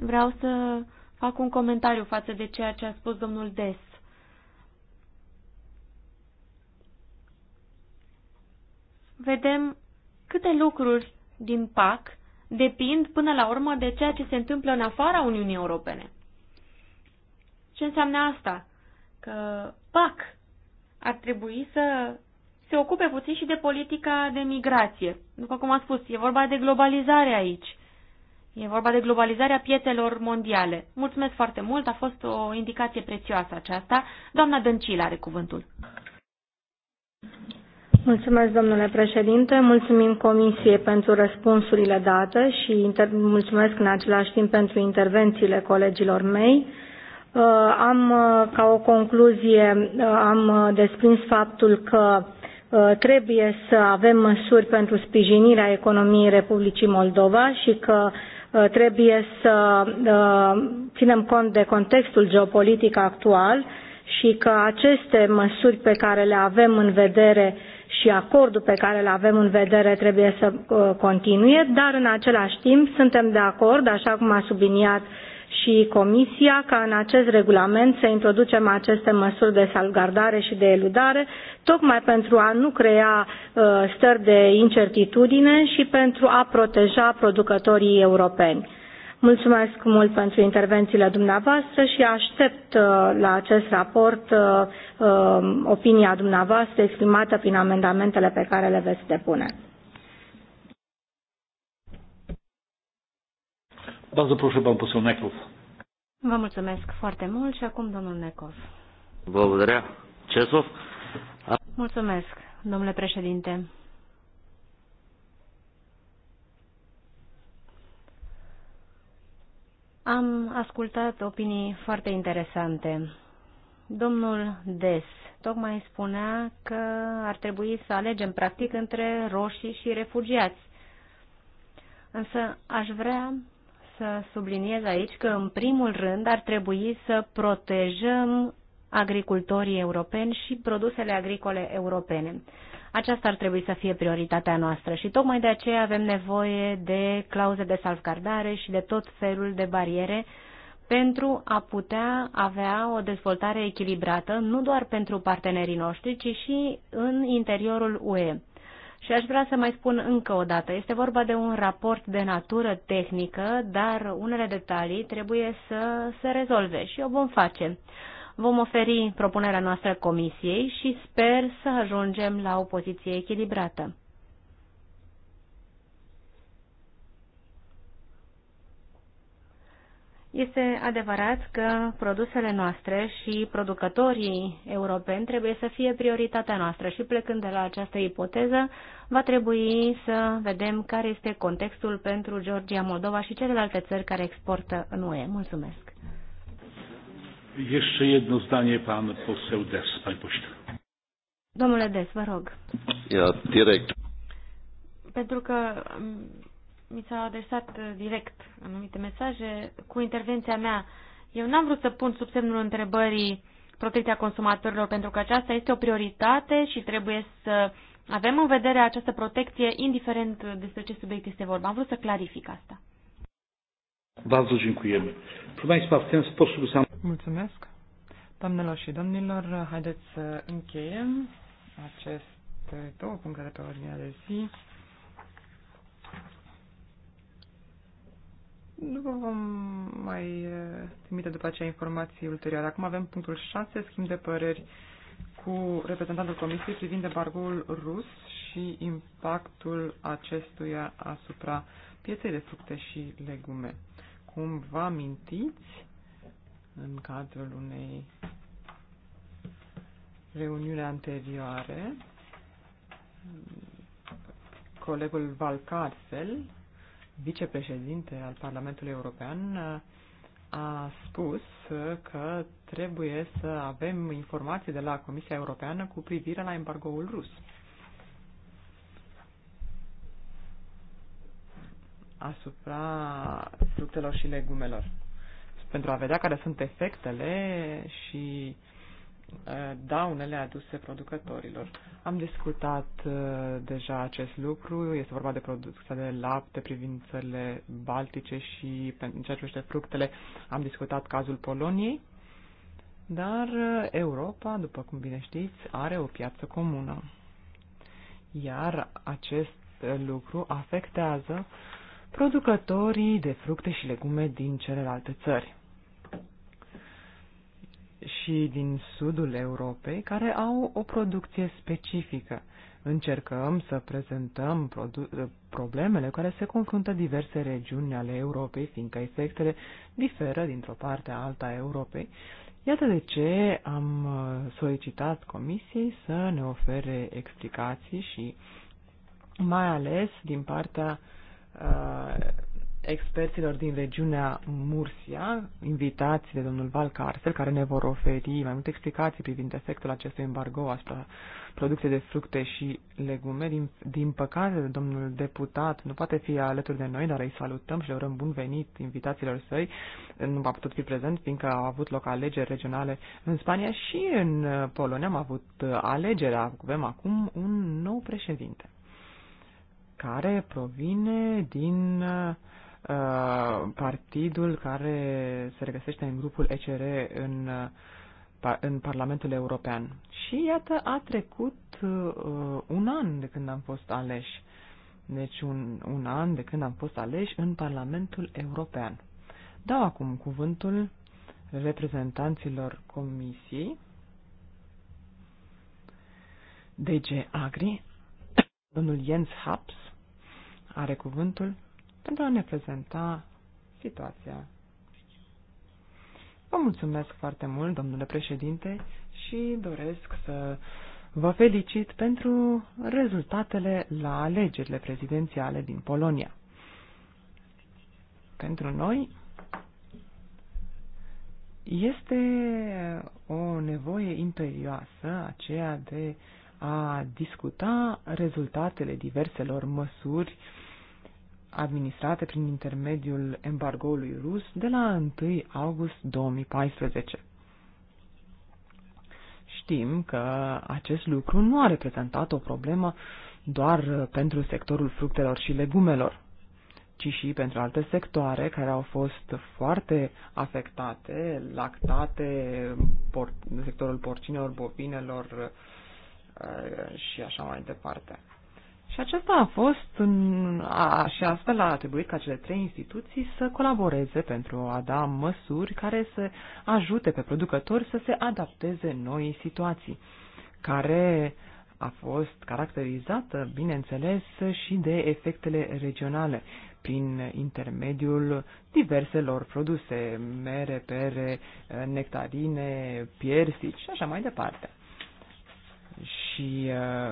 [SPEAKER 1] vreau să fac un comentariu față de ceea ce a spus domnul Des. Vedem câte lucruri din PAC depind până la urmă de ceea ce se întâmplă în afara Uniunii Europene. Ce înseamnă asta? Că PAC ar trebui să se ocupe puțin și de politica de migrație. După cum am spus, e vorba de globalizare aici. E vorba de globalizarea pietelor mondiale. Mulțumesc foarte mult, a fost o indicație prețioasă aceasta. Doamna Dăncilă are cuvântul.
[SPEAKER 3] Mulțumesc, domnule președinte, mulțumim Comisiei pentru răspunsurile date și mulțumesc în același timp pentru intervențiile colegilor mei. Uh, am, uh, ca o concluzie, uh, am desprins faptul că trebuie să avem măsuri pentru sprijinirea economiei Republicii Moldova și că trebuie să ținem cont de contextul geopolitic actual și că aceste măsuri pe care le avem în vedere și acordul pe care îl avem în vedere trebuie să uh, continue, dar în același timp suntem de acord, așa cum a subliniat și Comisia, ca în acest regulament să introducem aceste măsuri de salvgardare și de eludare, tocmai pentru a nu crea uh, stări de incertitudine și pentru a proteja producătorii europeni. Mulțumesc mult pentru intervențiile dumneavoastră și aștept uh, la acest raport uh, uh, opinia dumneavoastră exprimată prin amendamentele pe care le veți depune.
[SPEAKER 2] Vă
[SPEAKER 1] mulțumesc foarte mult și acum domnul Necov. Vă Mulțumesc, domnule președinte. Am ascultat opinii foarte interesante. Domnul Des tocmai spunea că ar trebui să alegem practic între roșii și refugiați. Însă aș vrea să subliniez aici că în primul rând ar trebui să protejăm agricultorii europeni și produsele agricole europene. Aceasta ar trebui să fie prioritatea noastră și tocmai de aceea avem nevoie de clauze de salvgardare și de tot felul de bariere pentru a putea avea o dezvoltare echilibrată, nu doar pentru partenerii noștri, ci și în interiorul UE. Și aș vrea să mai spun încă o dată, este vorba de un raport de natură tehnică, dar unele detalii trebuie să se rezolve și o vom face. Vom oferi propunerea noastră comisiei și sper să ajungem la o poziție echilibrată. Este adevărat că produsele noastre și producătorii europeni trebuie să fie prioritatea noastră și plecând de la această ipoteză, va trebui să vedem care este contextul pentru Georgia, Moldova și celelalte țări care exportă în UE. Mulțumesc!
[SPEAKER 2] Jeszcze jedno zdanie pan poseł Des, panie pośle.
[SPEAKER 1] Domnule Des, vă rog.
[SPEAKER 2] Ja, direct.
[SPEAKER 1] Pentru că mm, mi s-au adresat uh, direct anumite mesaje cu intervenția mea. Eu n-am vrut să pun sub semnul întrebării protecția consumatorilor, pentru că aceasta este o prioritate și trebuie să avem în vedere această protecție, indiferent despre ce
[SPEAKER 5] subiect este vorba. Am vrut să clarific asta.
[SPEAKER 2] Bardzo dziękujemy. Proszę Państwa, w ten sposób sam. Mulțumesc.
[SPEAKER 5] Doamnelor și domnilor, haideți să încheiem aceste două puncte de pe ordinea de zi. Nu vă vom mai eh, trimite după aceea informații ulterioare. Acum avem punctul 6, schimb de păreri cu reprezentantul Comisiei privind embargoul rus și impactul acestuia asupra pieței de fructe și legume. Cum vă amintiți, în cadrul unei reuniuni anterioare, colegul Valcarcel, vicepreședinte al Parlamentului European, a spus că trebuie să avem informații de la Comisia Europeană cu privire la embargoul rus. asupra fructelor și legumelor pentru a vedea care sunt efectele și uh, daunele aduse producătorilor. Am discutat uh, deja acest lucru, este vorba de producția de lapte privind țările baltice și în ceea ce privește fructele am discutat cazul Poloniei, dar uh, Europa, după cum bine știți, are o piață comună. Iar acest lucru afectează uh, producătorii de fructe și legume din celelalte țări și din sudul Europei care au o producție specifică. Încercăm să prezentăm problemele care se confruntă diverse regiuni ale Europei, fiindcă efectele diferă dintr-o parte a alta a Europei. Iată de ce am solicitat Comisiei să ne ofere explicații și mai ales din partea uh, uh, experților din regiunea Mursia, invitați de domnul Val Carcel, care ne vor oferi mai multe explicații privind efectul acestui embargo asupra producției de fructe și legume. Din, din păcate, domnul deputat nu poate fi alături de noi, dar îi salutăm și le urăm bun venit invitațiilor săi. Nu a putut fi prezent, fiindcă au avut loc alegeri regionale în Spania și în Polonia am avut alegerea. Avem acum un nou președinte care provine din uh, partidul care se regăsește în grupul ECR în, în Parlamentul European. Și iată, a trecut uh, un an de când am fost aleși. Deci un, un an de când am fost aleși în Parlamentul European. Dau acum cuvântul reprezentanților Comisiei DG Agri, domnul Jens Haps, are cuvântul pentru a ne prezenta situația. Vă mulțumesc foarte mult, domnule președinte, și doresc să vă felicit pentru rezultatele la alegerile prezidențiale din Polonia. Pentru noi este o nevoie imperioasă aceea de a discuta rezultatele diverselor măsuri uh, administrate prin intermediul embargoului rus de la 1 august 2014. Știm că acest lucru nu a reprezentat o problemă doar pentru sectorul fructelor și legumelor, ci și pentru alte sectoare care au fost foarte afectate, lactate, por- sectorul porcinelor, bovinelor uh, și așa mai departe. Și acesta a fost în, a, și astfel a trebuit ca cele trei instituții să colaboreze pentru a da măsuri care să ajute pe producători să se adapteze noi situații, care a fost caracterizată, bineînțeles, și de efectele regionale, prin intermediul diverselor produse, mere, pere, nectarine, piersici și așa mai departe și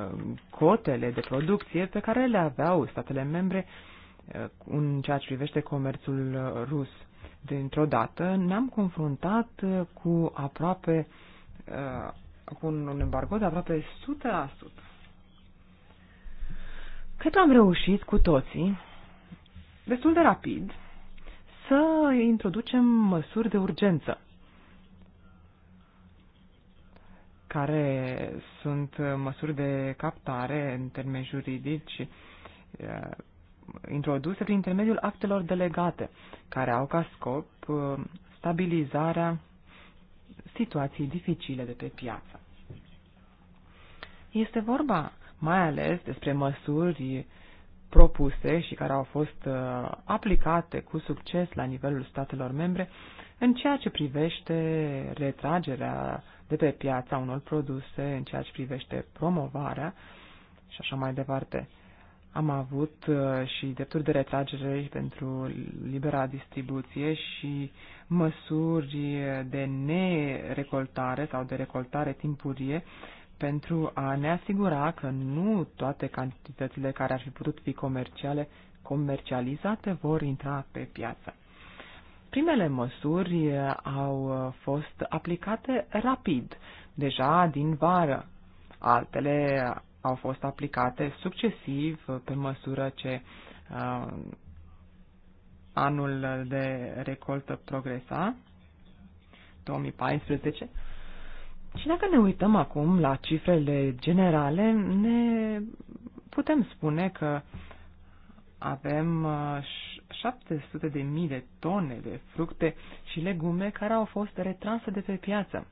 [SPEAKER 5] uh, cotele de producție pe care le aveau statele membre uh, în ceea ce privește comerțul uh, rus. Dintr-o dată ne-am confruntat cu aproape cu un embargo de aproape 100%. Cred că am reușit cu toții, destul de rapid, să introducem măsuri de urgență care sunt măsuri de captare în termeni juridici uh, introduse prin intermediul actelor delegate, care au ca scop uh, stabilizarea situației dificile de pe piață. Este vorba mai ales despre măsuri propuse și care au fost uh, aplicate cu succes la nivelul statelor membre în ceea ce privește retragerea de pe piața unor produse în ceea ce privește promovarea și așa mai departe. Am avut uh, și drepturi de retragere pentru libera distribuție și măsuri de nerecoltare sau de recoltare timpurie pentru a ne asigura că nu toate cantitățile care ar fi putut fi comerciale comercializate vor intra pe piață. Primele măsuri uh, au uh, fost aplicate rapid, deja din vară. Altele au fost aplicate succesiv uh, pe măsură ce uh, anul de recoltă progresa, 2014. Și dacă ne uităm acum la cifrele generale, ne putem spune că avem 700 de mii de tone de fructe și legume care au fost retranse de pe piață.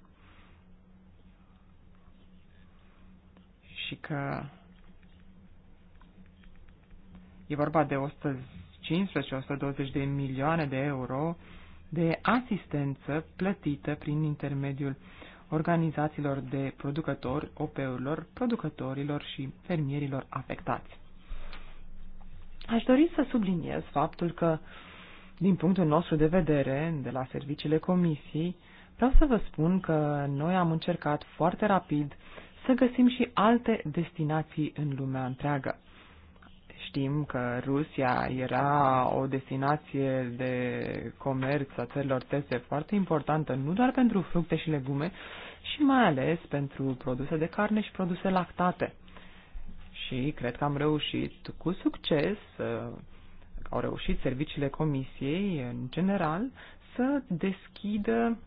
[SPEAKER 5] Și că e vorba de 115-120 de milioane de euro de asistență plătită prin intermediul organizațiilor de producători, OP-urilor, producătorilor și fermierilor afectați. Aș dori să subliniez faptul că, din punctul nostru de vedere, de la serviciile comisiei, vreau să vă spun că noi am încercat foarte rapid să găsim și alte destinații în lumea întreagă. Știm că Rusia era o destinație de comerț a țărilor teste foarte importantă, nu doar pentru fructe și legume, și mai ales pentru produse de carne și produse lactate și cred că am reușit cu succes, uh, au reușit serviciile comisiei în general să deschidă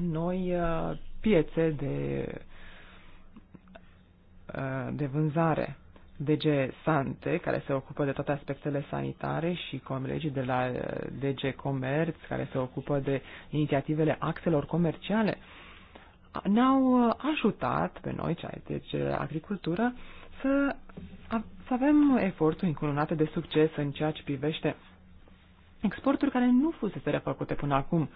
[SPEAKER 5] noi uh, piețe de, uh, de vânzare. DG Sante, care se ocupă de toate aspectele sanitare și colegii de la DG Comerț, care se ocupă de inițiativele axelor comerciale, ne-au ajutat pe noi, cei de agricultură, să, să avem eforturi încununate de succes în ceea ce privește exporturi care nu fusese făcute până acum.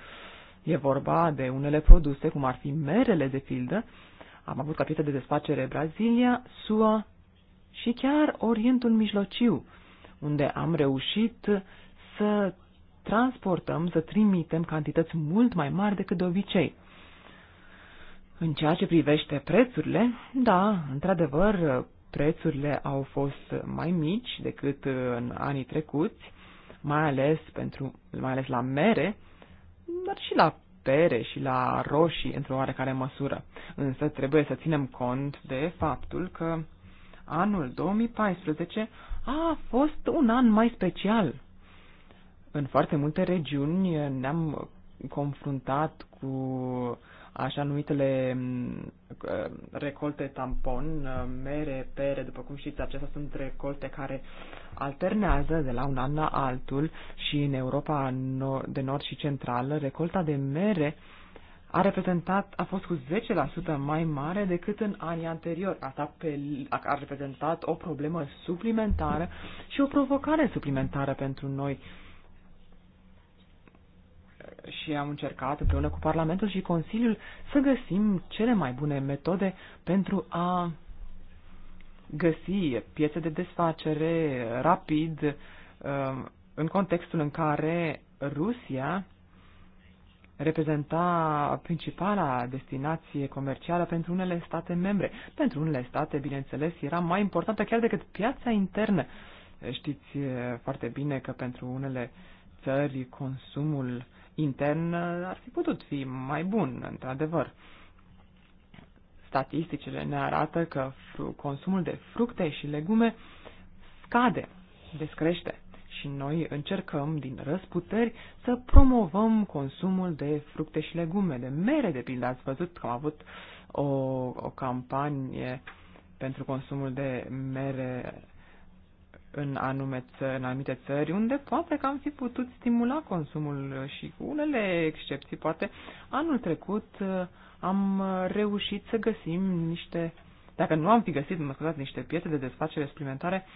[SPEAKER 5] E vorba de unele produse, cum ar fi merele de pildă. Am avut capite de desfacere Brazilia, SUA și chiar Orientul Mijlociu, unde am reușit să transportăm, să trimitem cantități mult mai mari decât de obicei. În ceea ce privește prețurile, da, într-adevăr, prețurile au fost mai mici decât în anii trecuți, mai ales, pentru, mai ales la mere, dar și la pere și la roșii într-o oarecare măsură. Însă trebuie să ținem cont de faptul că anul 2014 a fost un an mai special. În foarte multe regiuni ne-am confruntat cu așa numitele mm, recolte tampon, uh, mere, pere, după cum știți, acestea sunt recolte care alternează de la un an la altul și în Europa de Nord și Centrală, recolta de mere a reprezentat, a fost cu 10% mai mare decât în anii anteriori. Asta pe, a reprezentat o problemă suplimentară și o provocare suplimentară pentru noi și am încercat împreună cu Parlamentul și Consiliul să găsim cele mai bune metode pentru a găsi piețe de desfacere rapid um, în contextul în care Rusia reprezenta principala destinație comercială pentru unele state membre. Pentru unele state, bineînțeles, era mai importantă chiar decât piața internă. Știți eh, foarte bine că pentru unele țări consumul intern uh, ar fi putut fi mai bun, într-adevăr. Statisticile ne arată că consumul de fructe și legume scade, descrește și noi încercăm din răsputeri să promovăm consumul de fructe și legume, de mere de pildă. Ați văzut că am avut o, o campanie pentru consumul de mere în, anume ță, în anumite țări unde poate că am fi putut stimula consumul și cu unele excepții. Poate anul trecut uh, am reușit să găsim niște, dacă nu am fi găsit, mă scuzați, niște piese de desfacere suplimentare,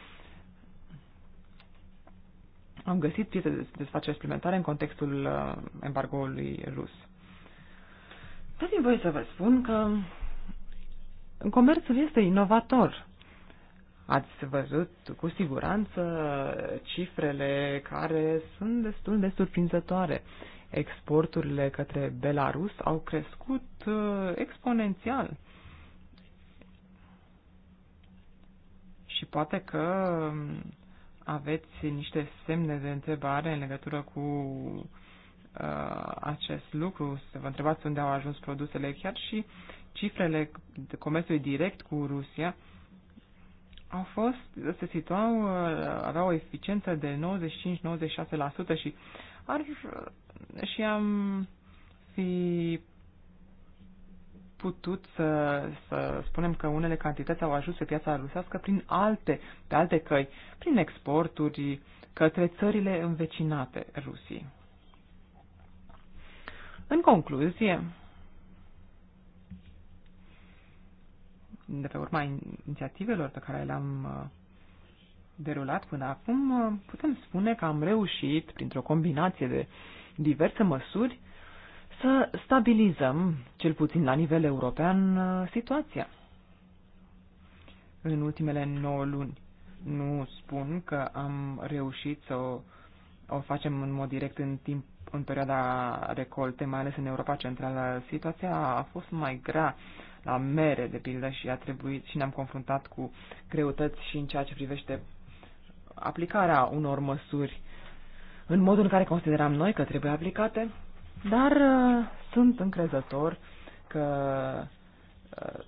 [SPEAKER 5] am găsit piese de desfacere suplimentare în contextul uh, embargoului rus. Dați-mi voie să vă spun că um, comerțul este inovator Ați văzut cu siguranță cifrele care sunt destul de surprinzătoare. Exporturile către Belarus au crescut uh, exponențial. Și poate că um, aveți niște semne de întrebare în legătură cu uh, acest lucru, să vă întrebați unde au ajuns produsele, chiar și cifrele de comerțului direct cu Rusia au fost, se situau, uh, aveau o eficiență de 95-96% și ar, uh, și am fi putut să, să spunem că unele cantități au ajuns pe piața rusească prin alte, pe alte căi, prin exporturi către țările învecinate Rusiei. În concluzie, de pe urma inițiativelor pe care le-am uh, derulat până acum, uh, putem spune că am reușit, printr-o combinație de diverse măsuri, să stabilizăm, cel puțin la nivel european, uh, situația. În ultimele 9 luni nu spun că am reușit să o, o facem în mod direct în timp în perioada recolte, mai ales în Europa Centrală, situația a fost mai grea la mere, de pildă, și a trebuit și ne-am confruntat cu greutăți și în ceea ce privește aplicarea unor măsuri în modul în care consideram noi că trebuie aplicate, dar uh, sunt încrezător că uh,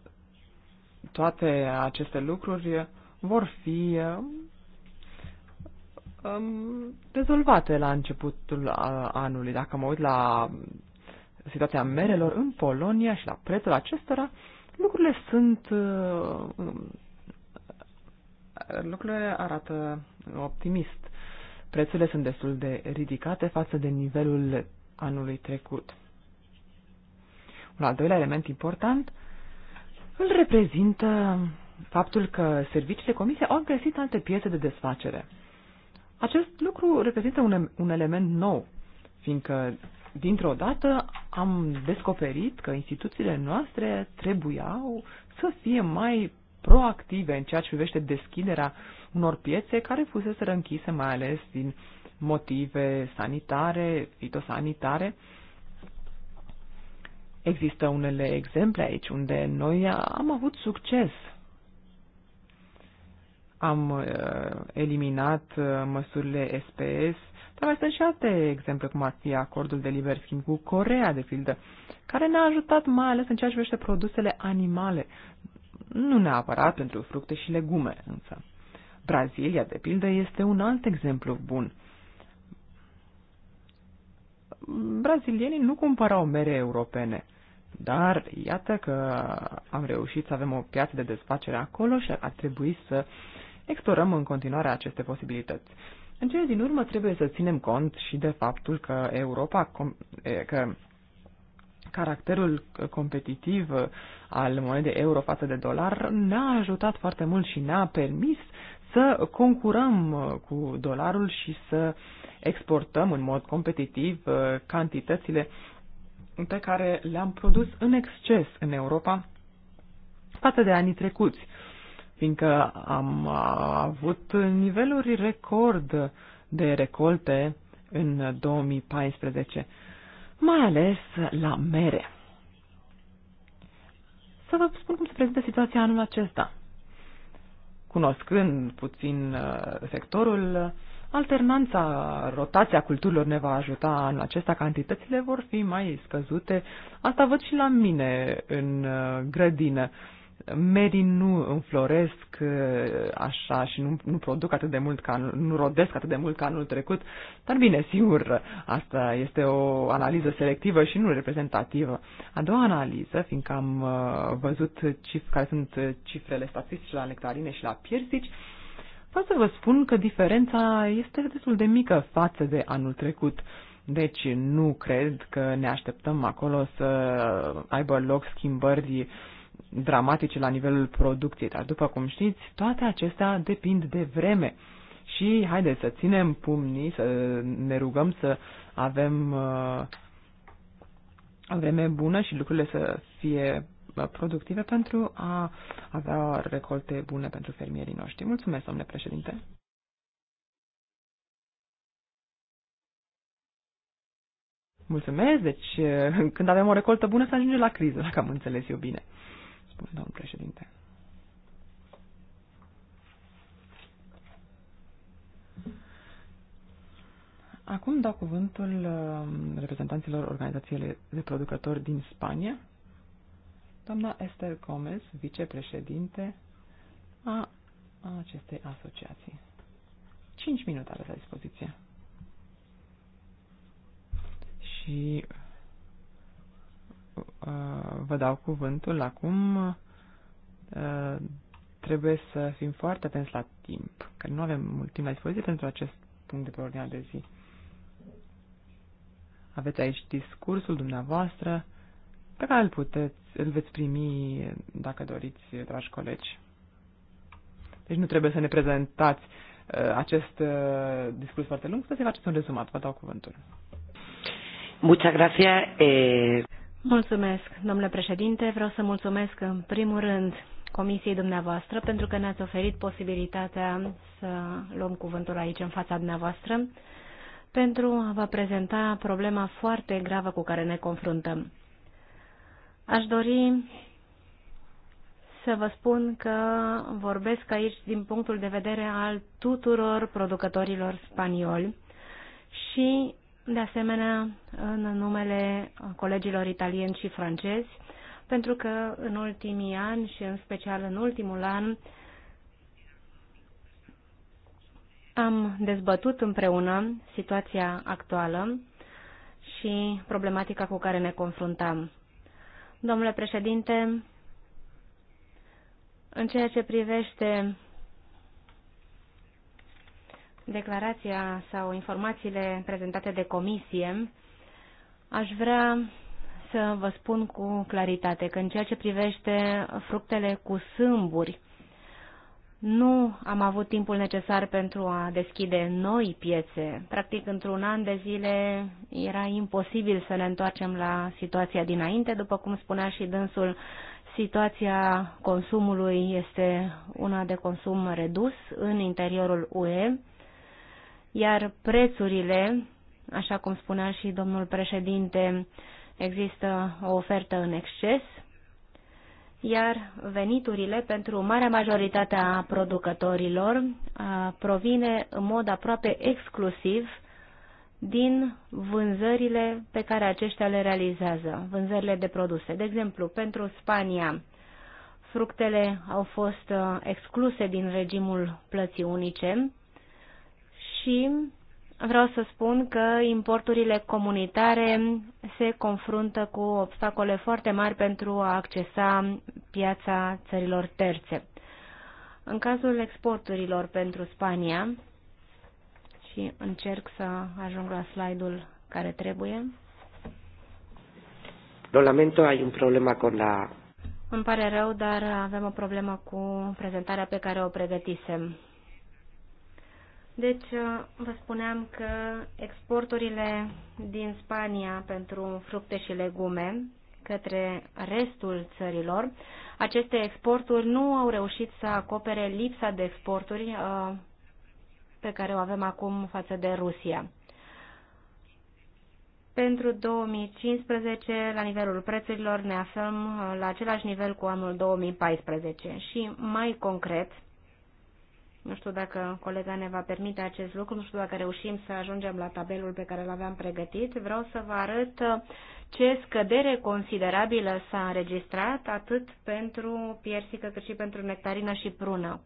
[SPEAKER 5] toate aceste lucruri vor fi uh,
[SPEAKER 4] um,
[SPEAKER 5] dezolvate la începutul uh, anului. Dacă mă uit la situația merelor în Polonia și la prețul acestora, lucrurile sunt uh, lucrurile arată optimist. Prețurile sunt destul de ridicate față de nivelul anului trecut. Un al doilea element important îl reprezintă faptul că serviciile comisiei au găsit alte piețe de desfacere. Acest lucru reprezintă un, un element nou, fiindcă dintr-o dată am descoperit că instituțiile noastre trebuiau să fie mai proactive în ceea ce privește deschiderea unor piețe care fusese închise, mai ales din motive sanitare, fitosanitare. Există unele exemple aici unde noi am avut succes. Am uh, eliminat uh, măsurile SPS dar mai sunt și alte exemple, cum ar fi acordul de liber schimb cu Corea, de pildă, care ne-a ajutat mai ales în ceea ce privește produsele animale, nu neapărat pentru fructe și legume, însă. Brazilia, de pildă, este un alt exemplu bun. Brazilienii nu cumpărau mere europene, dar iată că am reușit să avem o piață de desfacere acolo și ar trebui să explorăm în continuare aceste posibilități. În cele din urmă trebuie să ținem cont și de faptul că Europa, că caracterul competitiv al monedei euro față de dolar ne-a ajutat foarte mult și ne-a permis să concurăm cu dolarul și să exportăm în mod competitiv uh, cantitățile pe care le-am produs în exces în Europa față de anii trecuți fiindcă am avut niveluri record de recolte în 2014, mai ales la mere. Să vă spun cum se prezintă situația anul acesta. Cunoscând puțin uh, sectorul, alternanța, rotația culturilor ne va ajuta anul acesta, cantitățile vor fi mai scăzute. Asta văd și la mine în uh, grădină medii nu înfloresc uh, așa și nu, nu produc atât de mult ca nu rodesc atât de mult ca anul trecut, dar bine, sigur, asta este o analiză selectivă și nu reprezentativă. A doua analiză, fiindcă am uh, văzut cif- care sunt cifrele statistice la nectarine și la piersici, pot să vă spun că diferența este destul de mică față de anul trecut. Deci nu cred că ne așteptăm acolo să aibă loc schimbări uh, dramatice la nivelul producției, dar după cum știți, toate acestea depind de vreme. Și haideți să ținem pumnii, să ne rugăm să avem uh, vreme bună și lucrurile să fie uh, productive pentru a avea recolte bune pentru fermierii noștri. Mulțumesc, domnule președinte! Mulțumesc, deci când avem o recoltă bună să ajungem la criză, dacă am înțeles eu bine spune domnul președinte. Acum dau cuvântul uh, reprezentanților organizațiilor de producători din Spania. Doamna Esther Gomez, vicepreședinte a acestei asociații. 5 minute are la dispoziție. Și Uh, vă dau cuvântul acum. Uh, trebuie să fim foarte atenți la timp, că nu avem mult timp la dispoziție pentru acest punct de pe ordinea de zi. Aveți aici discursul dumneavoastră pe care îl puteți, îl veți primi dacă doriți, dragi colegi. Deci nu trebuie să ne prezentați uh, acest discurs foarte lung, să se faceți un rezumat. Vă dau cuvântul. Muchas gracias. Eh...
[SPEAKER 1] Mulțumesc, domnule președinte. Vreau să mulțumesc în primul rând comisiei dumneavoastră pentru că ne-ați oferit posibilitatea să luăm cuvântul aici în fața dumneavoastră pentru a vă prezenta problema foarte gravă cu care ne confruntăm. Aș dori să vă spun că vorbesc aici din punctul de vedere al tuturor producătorilor spanioli și de asemenea în numele colegilor italieni și francezi, pentru că în ultimii ani și în special în ultimul an am dezbătut împreună situația actuală și problematica cu care ne confruntam. Domnule președinte, în ceea ce privește declarația sau informațiile prezentate de comisie, aș vrea să vă spun cu claritate că în ceea ce privește fructele cu sâmburi, nu am avut timpul necesar pentru a deschide noi piețe. Practic, într-un an de zile era imposibil să ne întoarcem la situația dinainte. După cum spunea și dânsul, situația consumului este una de consum redus în interiorul UE iar prețurile, așa cum spunea și domnul președinte, există o ofertă în exces, iar veniturile pentru marea majoritate a producătorilor a, provine în mod aproape exclusiv din vânzările pe care aceștia le realizează, vânzările de produse. De exemplu, pentru Spania, fructele au fost excluse din regimul plății unice, și vreau să spun că importurile comunitare se confruntă cu obstacole foarte mari pentru a accesa piața țărilor terțe. În cazul exporturilor pentru Spania, și încerc să ajung la slide-ul care trebuie.
[SPEAKER 5] Lo lamento, ai un problema cu la...
[SPEAKER 1] Îmi pare rău, dar avem o problemă cu prezentarea pe care o pregătisem. Deci, uh, vă spuneam că exporturile din Spania pentru fructe și legume către restul țărilor, aceste exporturi nu au reușit să acopere lipsa de exporturi uh, pe care o avem acum față de Rusia. Pentru 2015, la nivelul prețurilor, ne aflăm uh, la același nivel cu anul 2014 și, mai concret, nu știu dacă colega ne va permite acest lucru, nu știu dacă reușim să ajungem la tabelul pe care l-aveam pregătit. Vreau să vă arăt uh, ce scădere considerabilă s-a înregistrat atât pentru piersică cât și pentru nectarină și prună.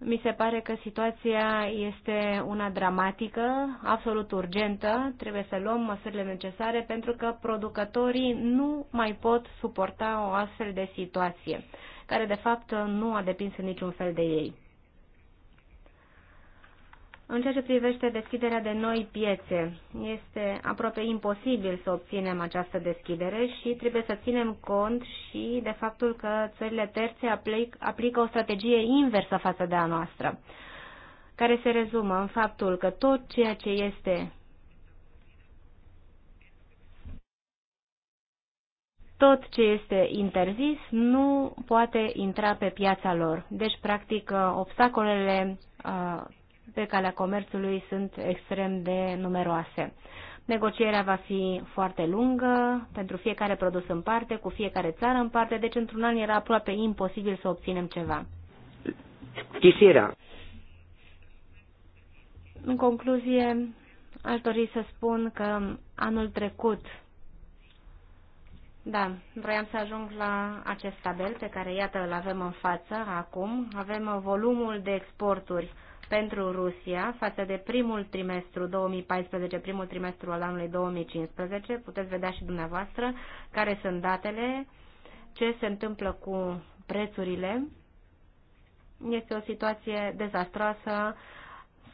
[SPEAKER 1] Mi se pare că situația este una dramatică, absolut urgentă, trebuie să luăm măsurile necesare pentru că producătorii nu mai pot suporta o astfel de situație care de fapt nu a depins în niciun fel de ei. În ceea ce privește deschiderea de noi piețe, este aproape imposibil să obținem această deschidere și trebuie să ținem cont și de faptul că țările terțe aplic, aplică o strategie inversă față de a noastră, care se rezumă în faptul că tot ceea ce este tot ce este interzis nu poate intra pe piața lor. Deci, practic, uh, obstacolele uh, pe calea comerțului sunt extrem de numeroase. Negocierea va fi foarte lungă pentru fiecare produs în parte, cu fiecare țară în parte, deci într-un an era aproape imposibil să obținem ceva. Quisiera. În concluzie, aș dori să spun că anul trecut da, vroiam să ajung la acest tabel pe care, iată, îl avem în față acum. Avem volumul de exporturi pentru Rusia față de primul trimestru 2014, primul trimestru al anului 2015. Puteți vedea și dumneavoastră care sunt datele, ce se întâmplă cu prețurile. Este o situație dezastroasă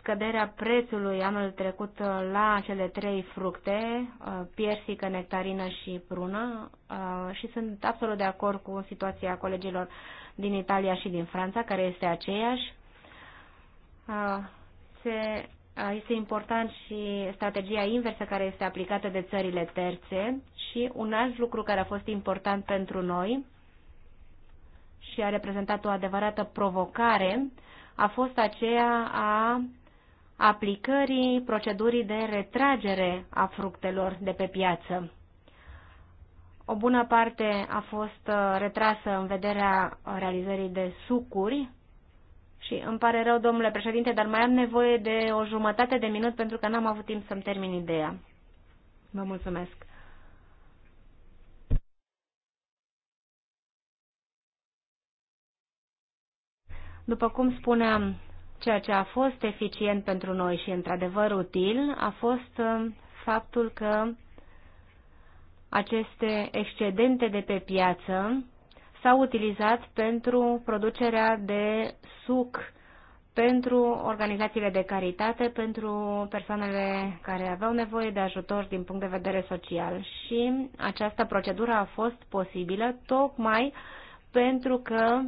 [SPEAKER 1] scăderea prețului anul trecut uh, la cele trei fructe, uh, piersică, nectarină și prună uh, și sunt absolut de acord cu situația colegilor din Italia și din Franța, care este aceeași. este important și strategia inversă care este aplicată de țările terțe și un alt lucru care a fost important pentru noi și a reprezentat o adevărată provocare a fost aceea a aplicării procedurii de retragere a fructelor de pe piață. O bună parte a fost uh, retrasă în vederea realizării de sucuri și îmi pare rău, domnule președinte, dar mai am nevoie de o jumătate de minut pentru că n-am avut timp să-mi termin ideea. Vă mulțumesc. După cum spuneam, Ceea ce a fost eficient pentru noi și într-adevăr util a fost uh, faptul că aceste excedente de pe piață s-au utilizat pentru producerea de suc pentru organizațiile de caritate, pentru persoanele care aveau nevoie de ajutor din punct de vedere social. Și această procedură a fost posibilă tocmai pentru că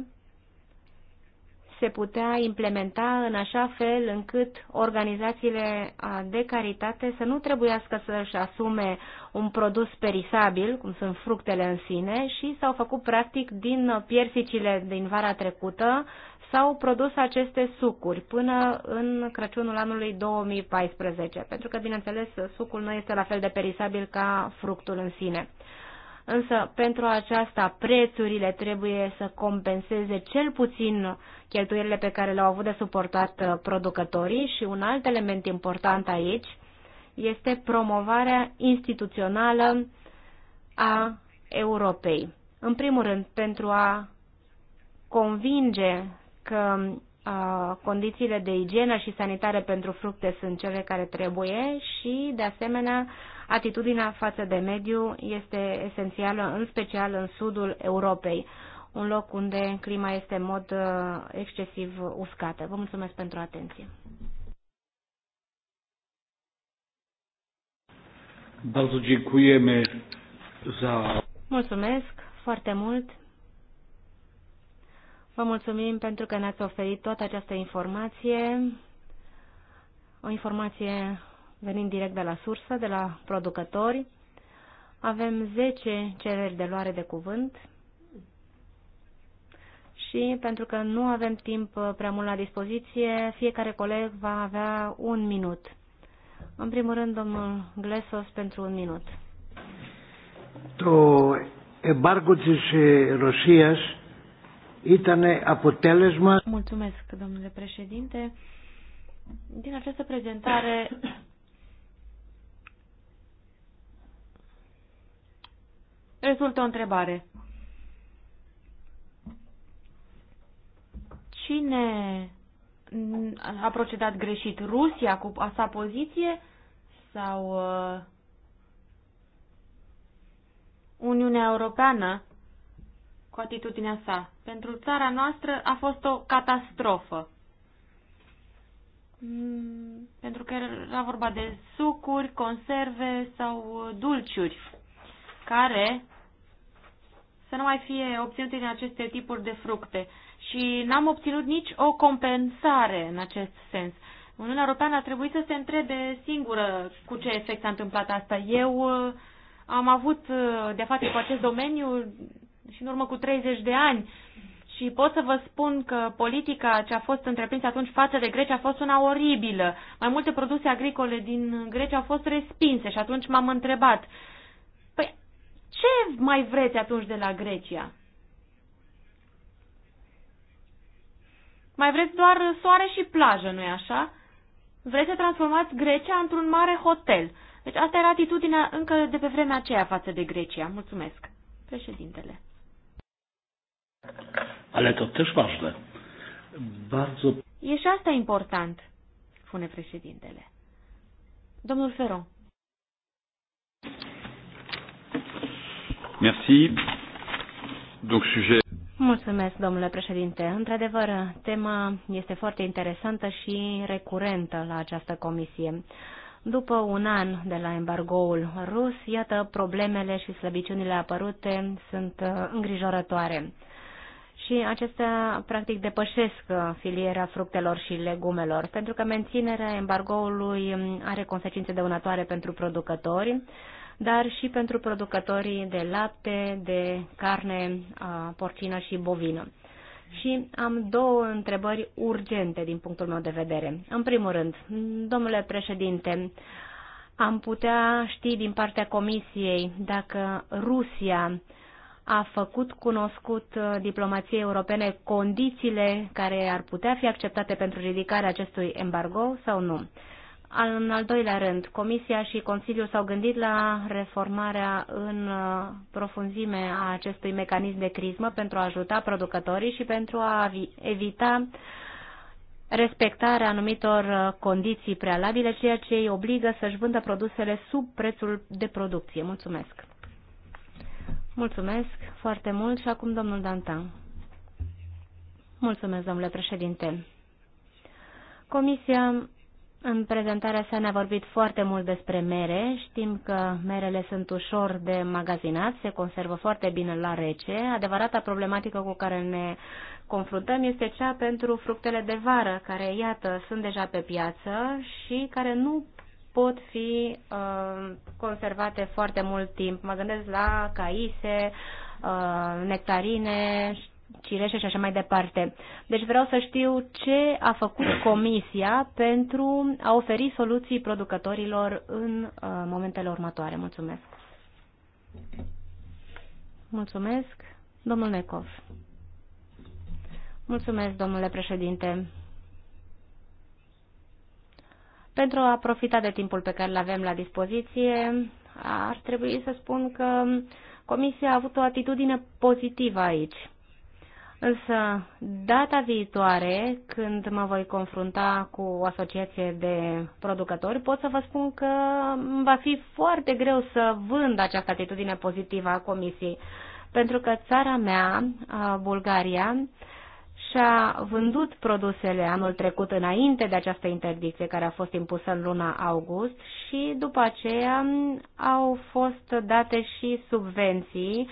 [SPEAKER 1] se putea implementa în așa fel încât organizațiile de caritate să nu trebuiască să-și asume un produs perisabil, cum sunt fructele în sine, și s-au făcut practic din piersicile din vara trecută, s-au produs aceste sucuri până în Crăciunul anului 2014, pentru că, bineînțeles, sucul nu este la fel de perisabil ca fructul în sine însă pentru aceasta prețurile trebuie să compenseze cel puțin cheltuielile pe care le-au avut de suportat uh, producătorii și un alt element important aici este promovarea instituțională a Europei. În primul rând, pentru a convinge că a, uh, condițiile de igienă și sanitare pentru fructe sunt cele care trebuie și, de asemenea, Atitudinea față de mediu este esențială, în special în sudul Europei, un loc unde clima este în mod uh, excesiv uscată. Vă mulțumesc pentru atenție. Mulțumesc foarte mult. Vă mulțumim pentru că ne-ați oferit toată această informație, o informație venind direct de la sursă, de la producători. Avem 10 cereri de luare de cuvânt și pentru că nu avem timp uh, prea mult la dispoziție, fiecare coleg va avea un minut. În primul rând, domnul Glesos, pentru un minut.
[SPEAKER 2] To embargo της Rusia itane Mulțumesc,
[SPEAKER 1] domnule președinte. Din această prezentare rezultă o întrebare. Cine a procedat greșit? Rusia cu a sa poziție sau uh, Uniunea Europeană cu atitudinea sa? Pentru țara noastră a fost o catastrofă.
[SPEAKER 2] Mm,
[SPEAKER 1] pentru că era vorba de sucuri, conserve sau dulciuri care să nu mai fie obținute din aceste tipuri de fructe. Și n-am obținut nici o compensare în acest sens. Uniunea Europeană a trebuit să se întrebe singură cu ce efect s-a întâmplat asta. Eu uh, am avut uh, de-a face cu acest domeniu și în urmă cu 30 de ani și pot să vă spun că politica ce a fost întreprinsă atunci față de Grecia a fost una oribilă. Mai multe produse agricole din Grecia au fost respinse și atunci m-am întrebat uh, ce mai vreți atunci de la Grecia? Mai vreți doar soare și plajă, nu-i așa? Vreți să transformați Grecia într-un mare hotel. Deci asta era atitudinea încă de pe vremea aceea față de Grecia. Mulțumesc. Președintele.
[SPEAKER 2] Ale tot te ważne. Bardzo...
[SPEAKER 1] E și asta important, spune președintele. Domnul Feron.
[SPEAKER 2] Merci. Donc, sujet...
[SPEAKER 1] Mulțumesc, domnule președinte. Într-adevăr, tema este foarte interesantă și recurentă la această comisie. După un an de la embargoul rus, iată, problemele și slăbiciunile apărute sunt uh, îngrijorătoare. Și acestea, practic, depășesc uh, filiera fructelor și legumelor, pentru că menținerea embargoului are consecințe dăunătoare pentru producători, dar și pentru producătorii de lapte, de carne porcină și bovină. Și am două întrebări urgente din punctul meu de vedere. În primul rând, domnule președinte, am putea ști din partea Comisiei dacă Rusia a făcut cunoscut uh, diplomației europene condițiile care ar putea fi acceptate pentru ridicarea acestui embargo sau nu. În al doilea rând, Comisia și Consiliul s-au gândit la reformarea în uh, profunzime a acestui mecanism de crismă pentru a ajuta producătorii și pentru a evita respectarea anumitor uh, condiții prealabile, ceea ce îi obligă să-și vândă produsele sub prețul de producție. Mulțumesc! Mulțumesc foarte mult și acum domnul Dantan. Mulțumesc, domnule președinte. Comisia în prezentarea sa ne-a vorbit foarte mult despre mere. Știm că merele sunt ușor de magazinat, se conservă foarte bine la rece. Adevărata problematică cu care ne confruntăm este cea pentru fructele de vară, care, iată, sunt deja pe piață și care nu pot fi uh, conservate foarte mult timp. Mă gândesc la caise, uh, nectarine, cireșe și așa mai departe. Deci vreau să știu ce a făcut Comisia pentru a oferi soluții producătorilor în uh, momentele următoare. Mulțumesc. Mulțumesc. Domnul Necov. Mulțumesc, domnule președinte. Pentru a profita de timpul pe care îl avem la dispoziție, ar trebui să spun că Comisia a avut o atitudine pozitivă aici. Însă, data viitoare, când mă voi confrunta cu o asociație de producători, pot să vă spun că va fi foarte greu să vând această atitudine pozitivă a Comisiei, pentru că țara mea, Bulgaria, și-a vândut produsele anul trecut înainte de această interdicție care a fost impusă în luna august și după aceea au fost date și subvenții uh,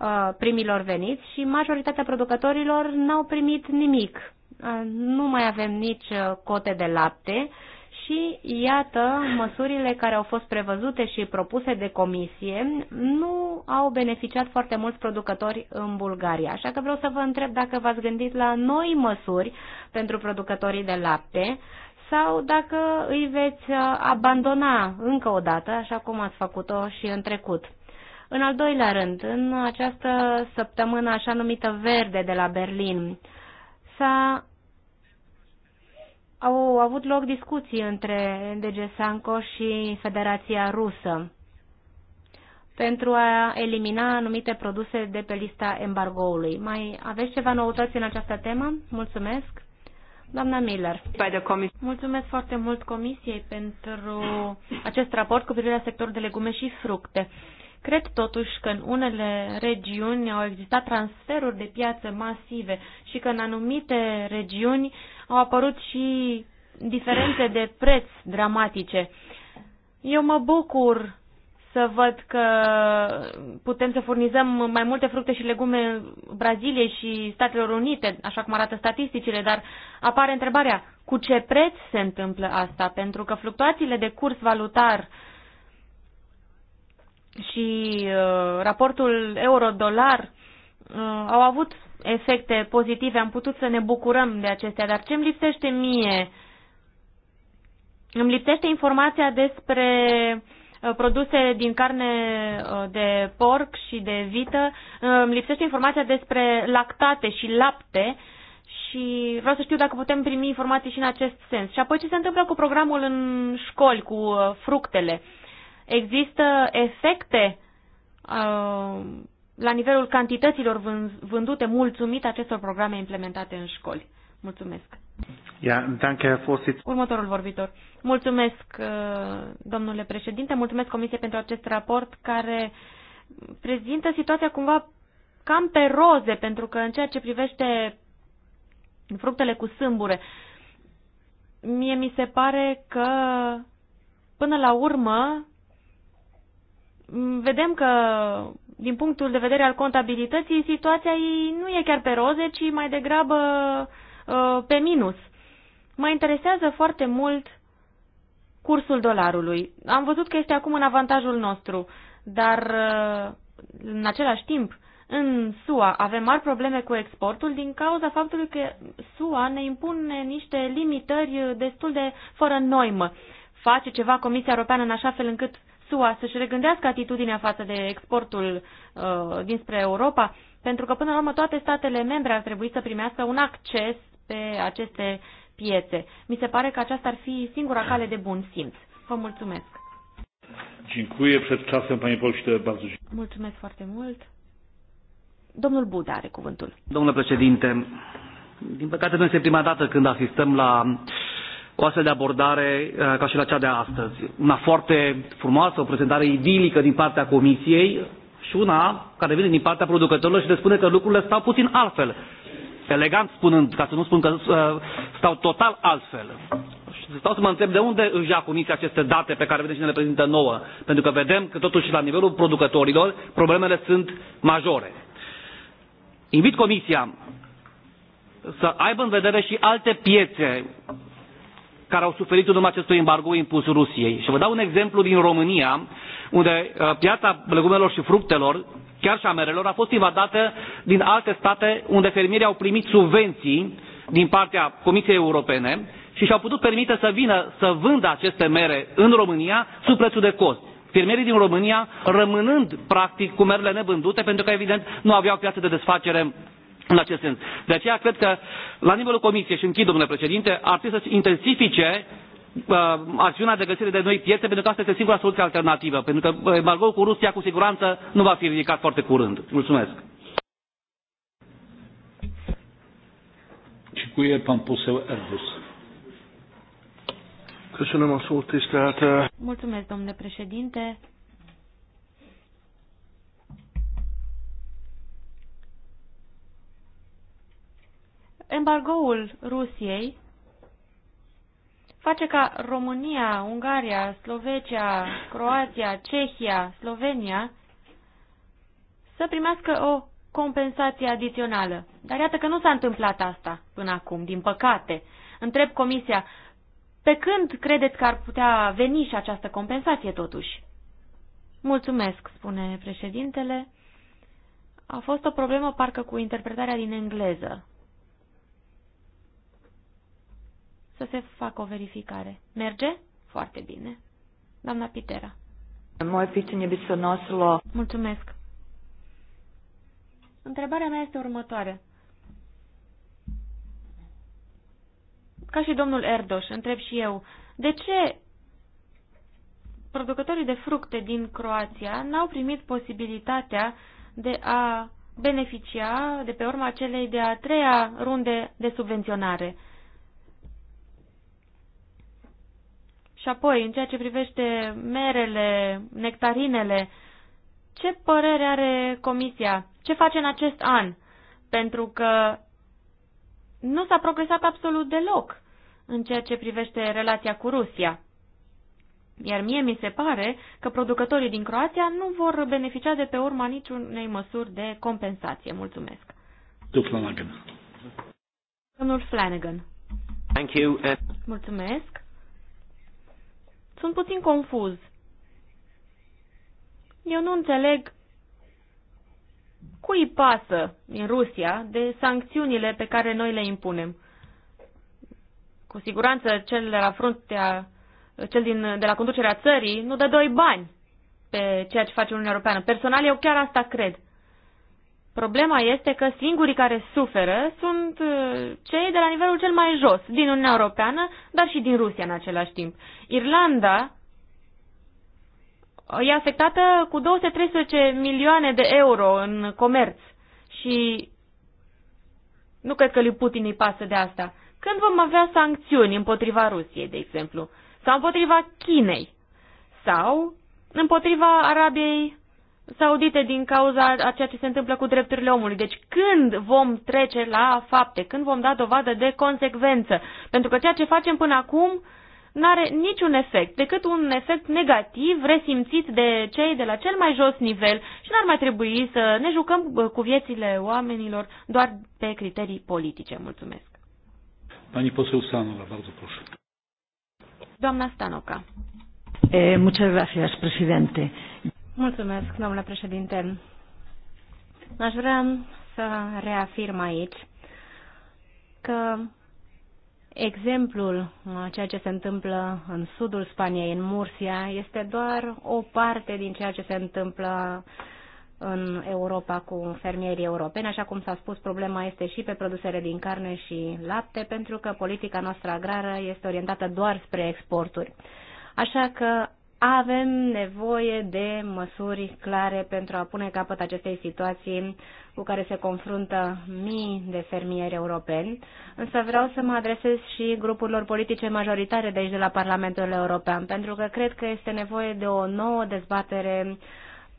[SPEAKER 1] Uh, primilor veniți și majoritatea producătorilor n-au primit nimic. Uh, nu mai avem nici uh, cote de lapte și iată, măsurile care au fost prevăzute și propuse de comisie nu au beneficiat foarte mulți producători în Bulgaria. Așa că vreau să vă întreb dacă v-ați gândit la noi măsuri pentru producătorii de lapte sau dacă îi veți abandona încă o dată, așa cum ați făcut-o și în trecut. În al doilea rând, în această săptămână așa numită verde de la Berlin, s-a au avut loc discuții între DG Sanco și Federația Rusă pentru a elimina anumite produse de pe lista embargoului. Mai aveți ceva noutăți în această temă? Mulțumesc. Doamna Miller. Mulțumesc foarte mult Comisiei pentru acest raport cu privire la sectorul de legume și fructe. Cred totuși că în unele regiuni au existat transferuri de piață masive și că în anumite regiuni au apărut și diferențe de preț dramatice. Eu mă bucur să văd că putem să furnizăm mai multe fructe și legume Braziliei și Statelor Unite, așa cum arată statisticile, dar apare întrebarea, cu ce preț se întâmplă asta? Pentru că fluctuațiile de curs valutar uh, și uh, raportul euro-dolar uh, au avut efecte pozitive, am putut să ne bucurăm de acestea, dar ce îmi lipsește mie? Îmi lipsește informația despre uh, produse din carne uh, de porc și de vită, uh, îmi lipsește informația despre lactate și lapte și vreau să știu dacă putem primi informații și în acest sens. Și apoi ce se întâmplă cu programul în școli, cu fructele? Există efecte uh, la nivelul cantităților vândute mulțumit acestor programe implementate în școli. Mulțumesc.
[SPEAKER 2] Ja, danke,
[SPEAKER 1] Următorul vorbitor. Mulțumesc, uh, domnule președinte, mulțumesc Comisie pentru acest raport care prezintă situația cumva cam pe roze, pentru că în ceea ce privește fructele cu sâmbure, mie mi se pare că până la urmă vedem că, din punctul de vedere al contabilității, situația nu e chiar pe roze, ci mai degrabă uh, pe minus. Mă interesează foarte mult cursul dolarului. Am văzut că este acum în avantajul nostru, dar uh, în același timp, în SUA avem mari probleme cu exportul din cauza faptului că SUA ne impune niște limitări destul de fără noimă. Face ceva Comisia Europeană în așa fel încât SUA să-și regândească atitudinea față de exportul uh, dinspre Europa, pentru că până la urmă toate statele membre ar trebui să primească un acces pe aceste piețe. Mi se pare că aceasta ar fi singura cale de bun simț. Vă mulțumesc.
[SPEAKER 2] Dziękuję. Przed czasem, panie pośle, bardzo
[SPEAKER 1] Mulțumesc foarte mult. Domnul Buda are cuvântul.
[SPEAKER 4] Domnule președinte, din păcate nu este prima dată când asistăm la uh, o astfel de abordare uh, ca și la cea de astăzi. Una foarte frumoasă, o prezentare idilică din partea Comisiei și una care vine din partea producătorilor și le spune că lucrurile stau puțin altfel. Elegant spunând, ca să nu spun că uh, stau total altfel. Și stau să mă întreb de unde își ia Comisia aceste date pe care vedem și ne le prezintă nouă. Pentru că vedem că totuși la nivelul producătorilor problemele sunt majore. Invit Comisia să aibă în vedere și alte piețe care au suferit în urma acestui embargo impus Rusiei. Și vă dau un exemplu din România, unde uh, piața legumelor și fructelor, chiar și a merelor, a fost invadată din alte state unde fermierii au primit subvenții din partea Comisiei Europene și și-au putut permite să vină să vândă aceste mere în România sub prețul de cost. Fermierii din România rămânând practic cu merele nevândute pentru că evident nu aveau piață de desfacere în acest sens. De aceea cred că la nivelul Comisiei, și închid, domnule președinte, ar trebui să intensifice uh, acțiunea de găsire de noi piețe, pentru că asta este singura soluție alternativă, pentru că uh, embargoul cu Rusia cu siguranță nu va fi ridicat foarte curând. Mulțumesc.
[SPEAKER 2] Și el, pan poseł Erbus. Uh, Mulțumesc,
[SPEAKER 1] domnule președinte. Embargoul Rusiei face ca România, Ungaria, Slovecia, Croația, Cehia, Slovenia să primească o compensație adițională. Dar iată că nu s-a întâmplat asta până acum, din păcate. Întreb Comisia, pe când credeți că ar putea veni și această compensație totuși? Mulțumesc, spune președintele. A fost o problemă parcă cu interpretarea din engleză. să se facă o verificare. Merge? Foarte bine. Doamna Pitera. Mulțumesc. Întrebarea mea este următoare. Ca și domnul Erdoș, întreb și eu, de ce producătorii de fructe din Croația n-au primit posibilitatea de a beneficia de pe urma celei de a treia runde de subvenționare? Și apoi, în ceea ce privește merele, nectarinele, ce părere are Comisia? Ce face în acest an? Pentru că nu s-a progresat absolut deloc în ceea ce privește relația cu Rusia. Iar mie mi se pare că producătorii din Croația nu vor beneficia de pe urma niciunei măsuri de compensație. Mulțumesc. Flanagan. Domnul Flanagan. Thank you. Mulțumesc. Sunt puțin confuz. Eu nu înțeleg cui pasă în Rusia de sancțiunile pe care noi le impunem. Cu siguranță cel de la fruntea, cel din, de la conducerea țării nu dă doi bani pe ceea ce face Uniunea Europeană. Personal, eu chiar asta cred. Problema este că singurii care suferă sunt uh, cei de la nivelul cel mai jos, din Uniunea Europeană, dar și din Rusia în același timp. Irlanda e afectată cu 213 milioane de euro în comerț și nu cred că lui Putin îi pasă de asta. Când vom avea sancțiuni împotriva Rusiei, de exemplu, sau împotriva Chinei, sau împotriva Arabiei saudite din cauza a ceea ce se întâmplă cu drepturile omului. Deci când vom trece la fapte, când vom da dovadă de consecvență? Pentru că ceea ce facem până acum nu are niciun efect, decât un efect negativ resimțit de cei de la cel mai jos nivel și n-ar mai trebui să ne jucăm cu viețile oamenilor doar pe criterii politice.
[SPEAKER 2] Mulțumesc. Pani Poseu Sanova, bardzo proszę.
[SPEAKER 1] Doamna Stanoca. Eh, muchas gracias, presidente. Mulțumesc, domnule președinte. Aș vrea să reafirm aici că exemplul a uh, ceea ce se întâmplă în sudul Spaniei, în Mursia, este doar o parte din ceea ce se întâmplă în Europa cu fermierii europeni. Așa cum s-a spus, problema este și pe produsele din carne și lapte, pentru că politica noastră agrară este orientată doar spre exporturi. Așa că avem nevoie de măsuri clare pentru a pune capăt acestei situații cu care se confruntă mii de fermieri europeni, însă vreau să mă adresez și grupurilor politice majoritare de aici, de la Parlamentul European, pentru că cred că este nevoie de o nouă dezbatere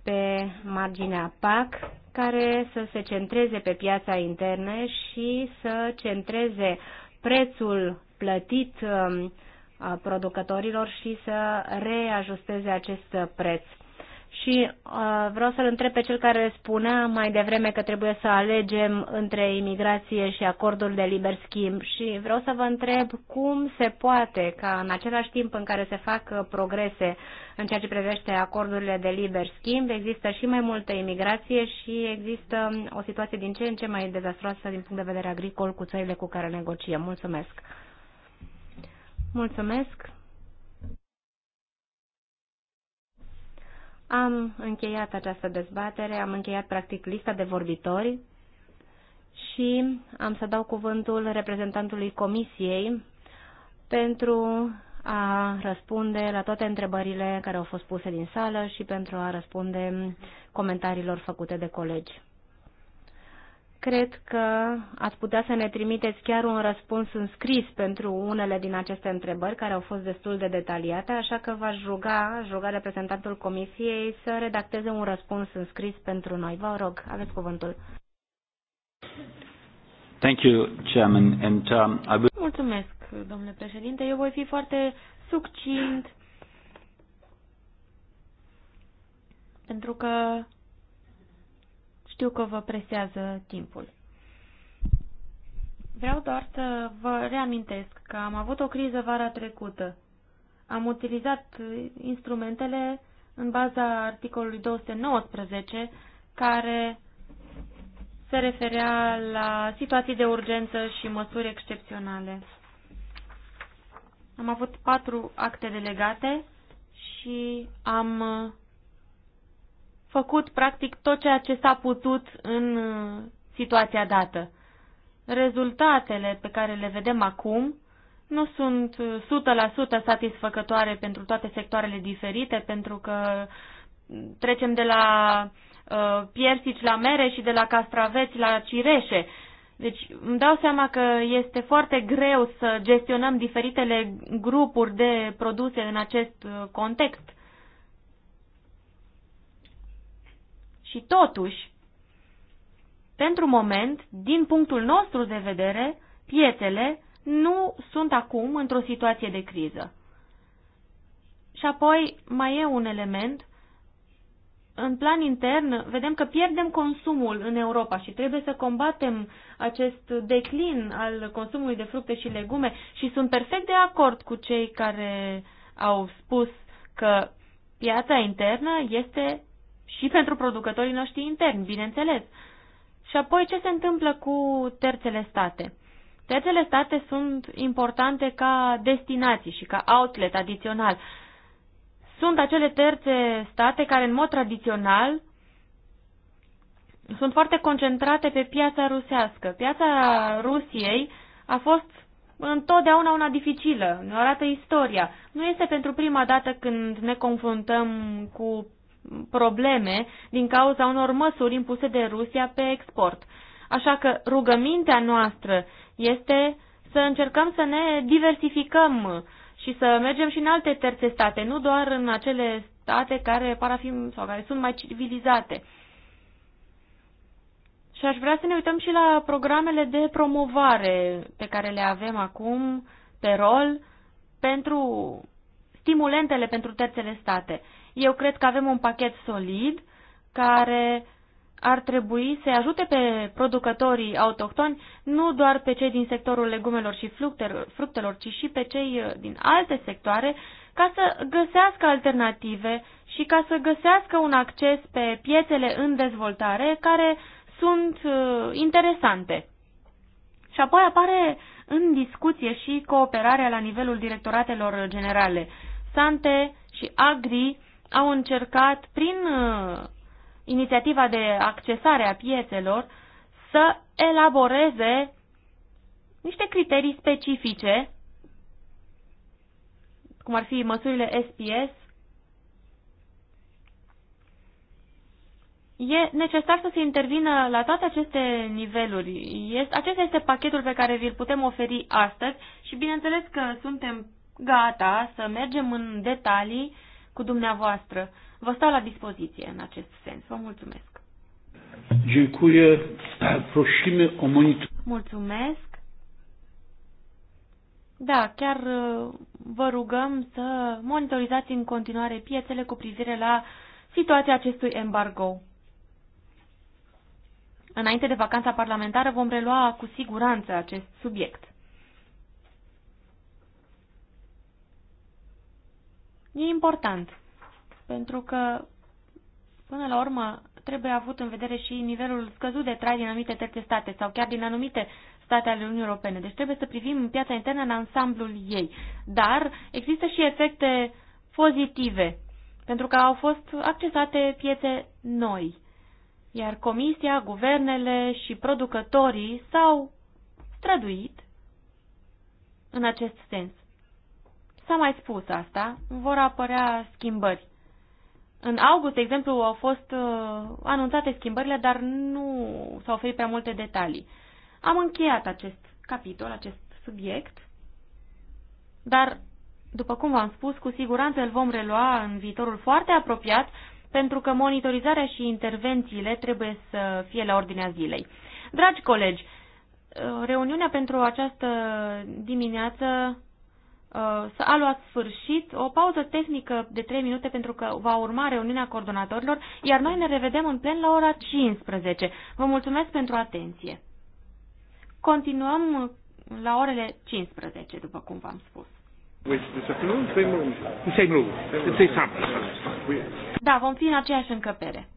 [SPEAKER 1] pe marginea PAC, care să se centreze pe piața internă și să centreze prețul plătit um, producătorilor și să reajusteze acest preț. Și uh, vreau să-l întreb pe cel care spunea mai devreme că trebuie să alegem între imigrație și acordul de liber schimb și vreau să vă întreb cum se poate ca în același timp în care se fac uh, progrese în ceea ce privește acordurile de liber schimb, există și mai multă imigrație și există um, o situație din ce în ce mai dezastroasă din punct de vedere agricol cu țările cu care negociem. Mulțumesc! Mulțumesc! Am încheiat această dezbatere, am încheiat practic lista de vorbitori și am să dau cuvântul reprezentantului Comisiei pentru a răspunde la toate întrebările care au fost puse din sală și pentru a răspunde comentariilor făcute de colegi. Cred că ați putea să ne trimiteți chiar un răspuns în scris pentru unele din aceste întrebări care au fost destul de detaliate, așa că v-aș ruga, aș ruga reprezentantul Comisiei să redacteze un răspuns în scris pentru noi. Vă rog, aveți cuvântul.
[SPEAKER 3] Thank you,
[SPEAKER 2] Chairman, and, um, I will...
[SPEAKER 1] Mulțumesc, domnule președinte. Eu voi fi foarte succint pentru că știu că vă presează timpul. Vreau doar să vă reamintesc că am avut o criză vara trecută. Am utilizat instrumentele în baza articolului 219, care se referea la situații de urgență și măsuri excepționale. Am avut patru acte delegate și am făcut practic tot ceea ce s-a putut în uh, situația dată. Rezultatele pe care le vedem acum nu sunt 100% uh, satisfăcătoare pentru toate sectoarele diferite, pentru că trecem de la uh, piersici la mere și de la castraveți la cireșe. Deci îmi dau seama că este foarte greu să gestionăm diferitele grupuri de produse în acest uh, context. Și totuși, pentru moment, din punctul nostru de vedere, piețele nu sunt acum într-o situație de criză. Și apoi mai e un element. În plan intern, vedem că pierdem consumul în Europa și trebuie să combatem acest declin al consumului de fructe și legume și sunt perfect de acord cu cei care au spus că piața internă este și pentru producătorii noștri interni, bineînțeles. Și apoi ce se întâmplă cu terțele state? Terțele state sunt importante ca destinații și ca outlet adițional. Sunt acele terțe state care în mod tradițional sunt foarte concentrate pe piața rusească. Piața Rusiei a fost întotdeauna una dificilă, ne arată istoria. Nu este pentru prima dată când ne confruntăm cu probleme din cauza unor măsuri impuse de Rusia pe export. Așa că rugămintea noastră este să încercăm să ne diversificăm și să mergem și în alte terțe state, nu doar în acele state care par a fi sau care sunt mai civilizate. Și aș vrea să ne uităm și la programele de promovare pe care le avem acum pe rol pentru stimulentele pentru terțele state. Eu cred că avem un pachet solid care ar trebui să ajute pe producătorii autohtoni, nu doar pe cei din sectorul legumelor și fructelor, ci și pe cei uh, din alte sectoare, ca să găsească alternative și ca să găsească un acces pe piețele în dezvoltare care sunt uh, interesante. Și apoi apare în discuție și cooperarea la nivelul directoratelor generale, Sante și Agri, au încercat, prin uh, inițiativa de accesare a piețelor, să elaboreze niște criterii specifice, cum ar fi măsurile SPS. E necesar să se intervină la toate aceste niveluri. Acesta este pachetul pe care vi-l putem oferi astăzi și bineînțeles că suntem gata să mergem în detalii cu dumneavoastră. Vă stau la dispoziție în acest sens. Vă mulțumesc. Mulțumesc. Da, chiar uh, vă rugăm să monitorizați în continuare piețele cu privire la situația acestui embargo. Înainte de vacanța parlamentară vom relua cu siguranță acest subiect. E important, pentru că, până la urmă, trebuie avut în vedere și nivelul scăzut de trai din anumite terțe state sau chiar din anumite state ale Uniunii Europene. Deci trebuie să privim piața internă în ansamblul ei. Dar există și efecte pozitive, pentru că au fost accesate piețe noi. Iar comisia, guvernele și producătorii s-au străduit în acest sens. S-a mai spus asta, vor apărea schimbări. În august, de exemplu, au fost uh, anunțate schimbările, dar nu s-au oferit prea multe detalii. Am încheiat acest capitol, acest subiect, dar, după cum v-am spus, cu siguranță îl vom relua în viitorul foarte apropiat, pentru că monitorizarea și intervențiile trebuie să fie la ordinea zilei. Dragi colegi, uh, reuniunea pentru această dimineață Uh, să a luat sfârșit o pauză tehnică de 3 minute pentru că va urma reuniunea coordonatorilor, iar noi ne revedem în plen la ora 15. Vă mulțumesc pentru atenție. Continuăm la orele 15, după cum v-am spus. Da, vom fi în aceeași încăpere.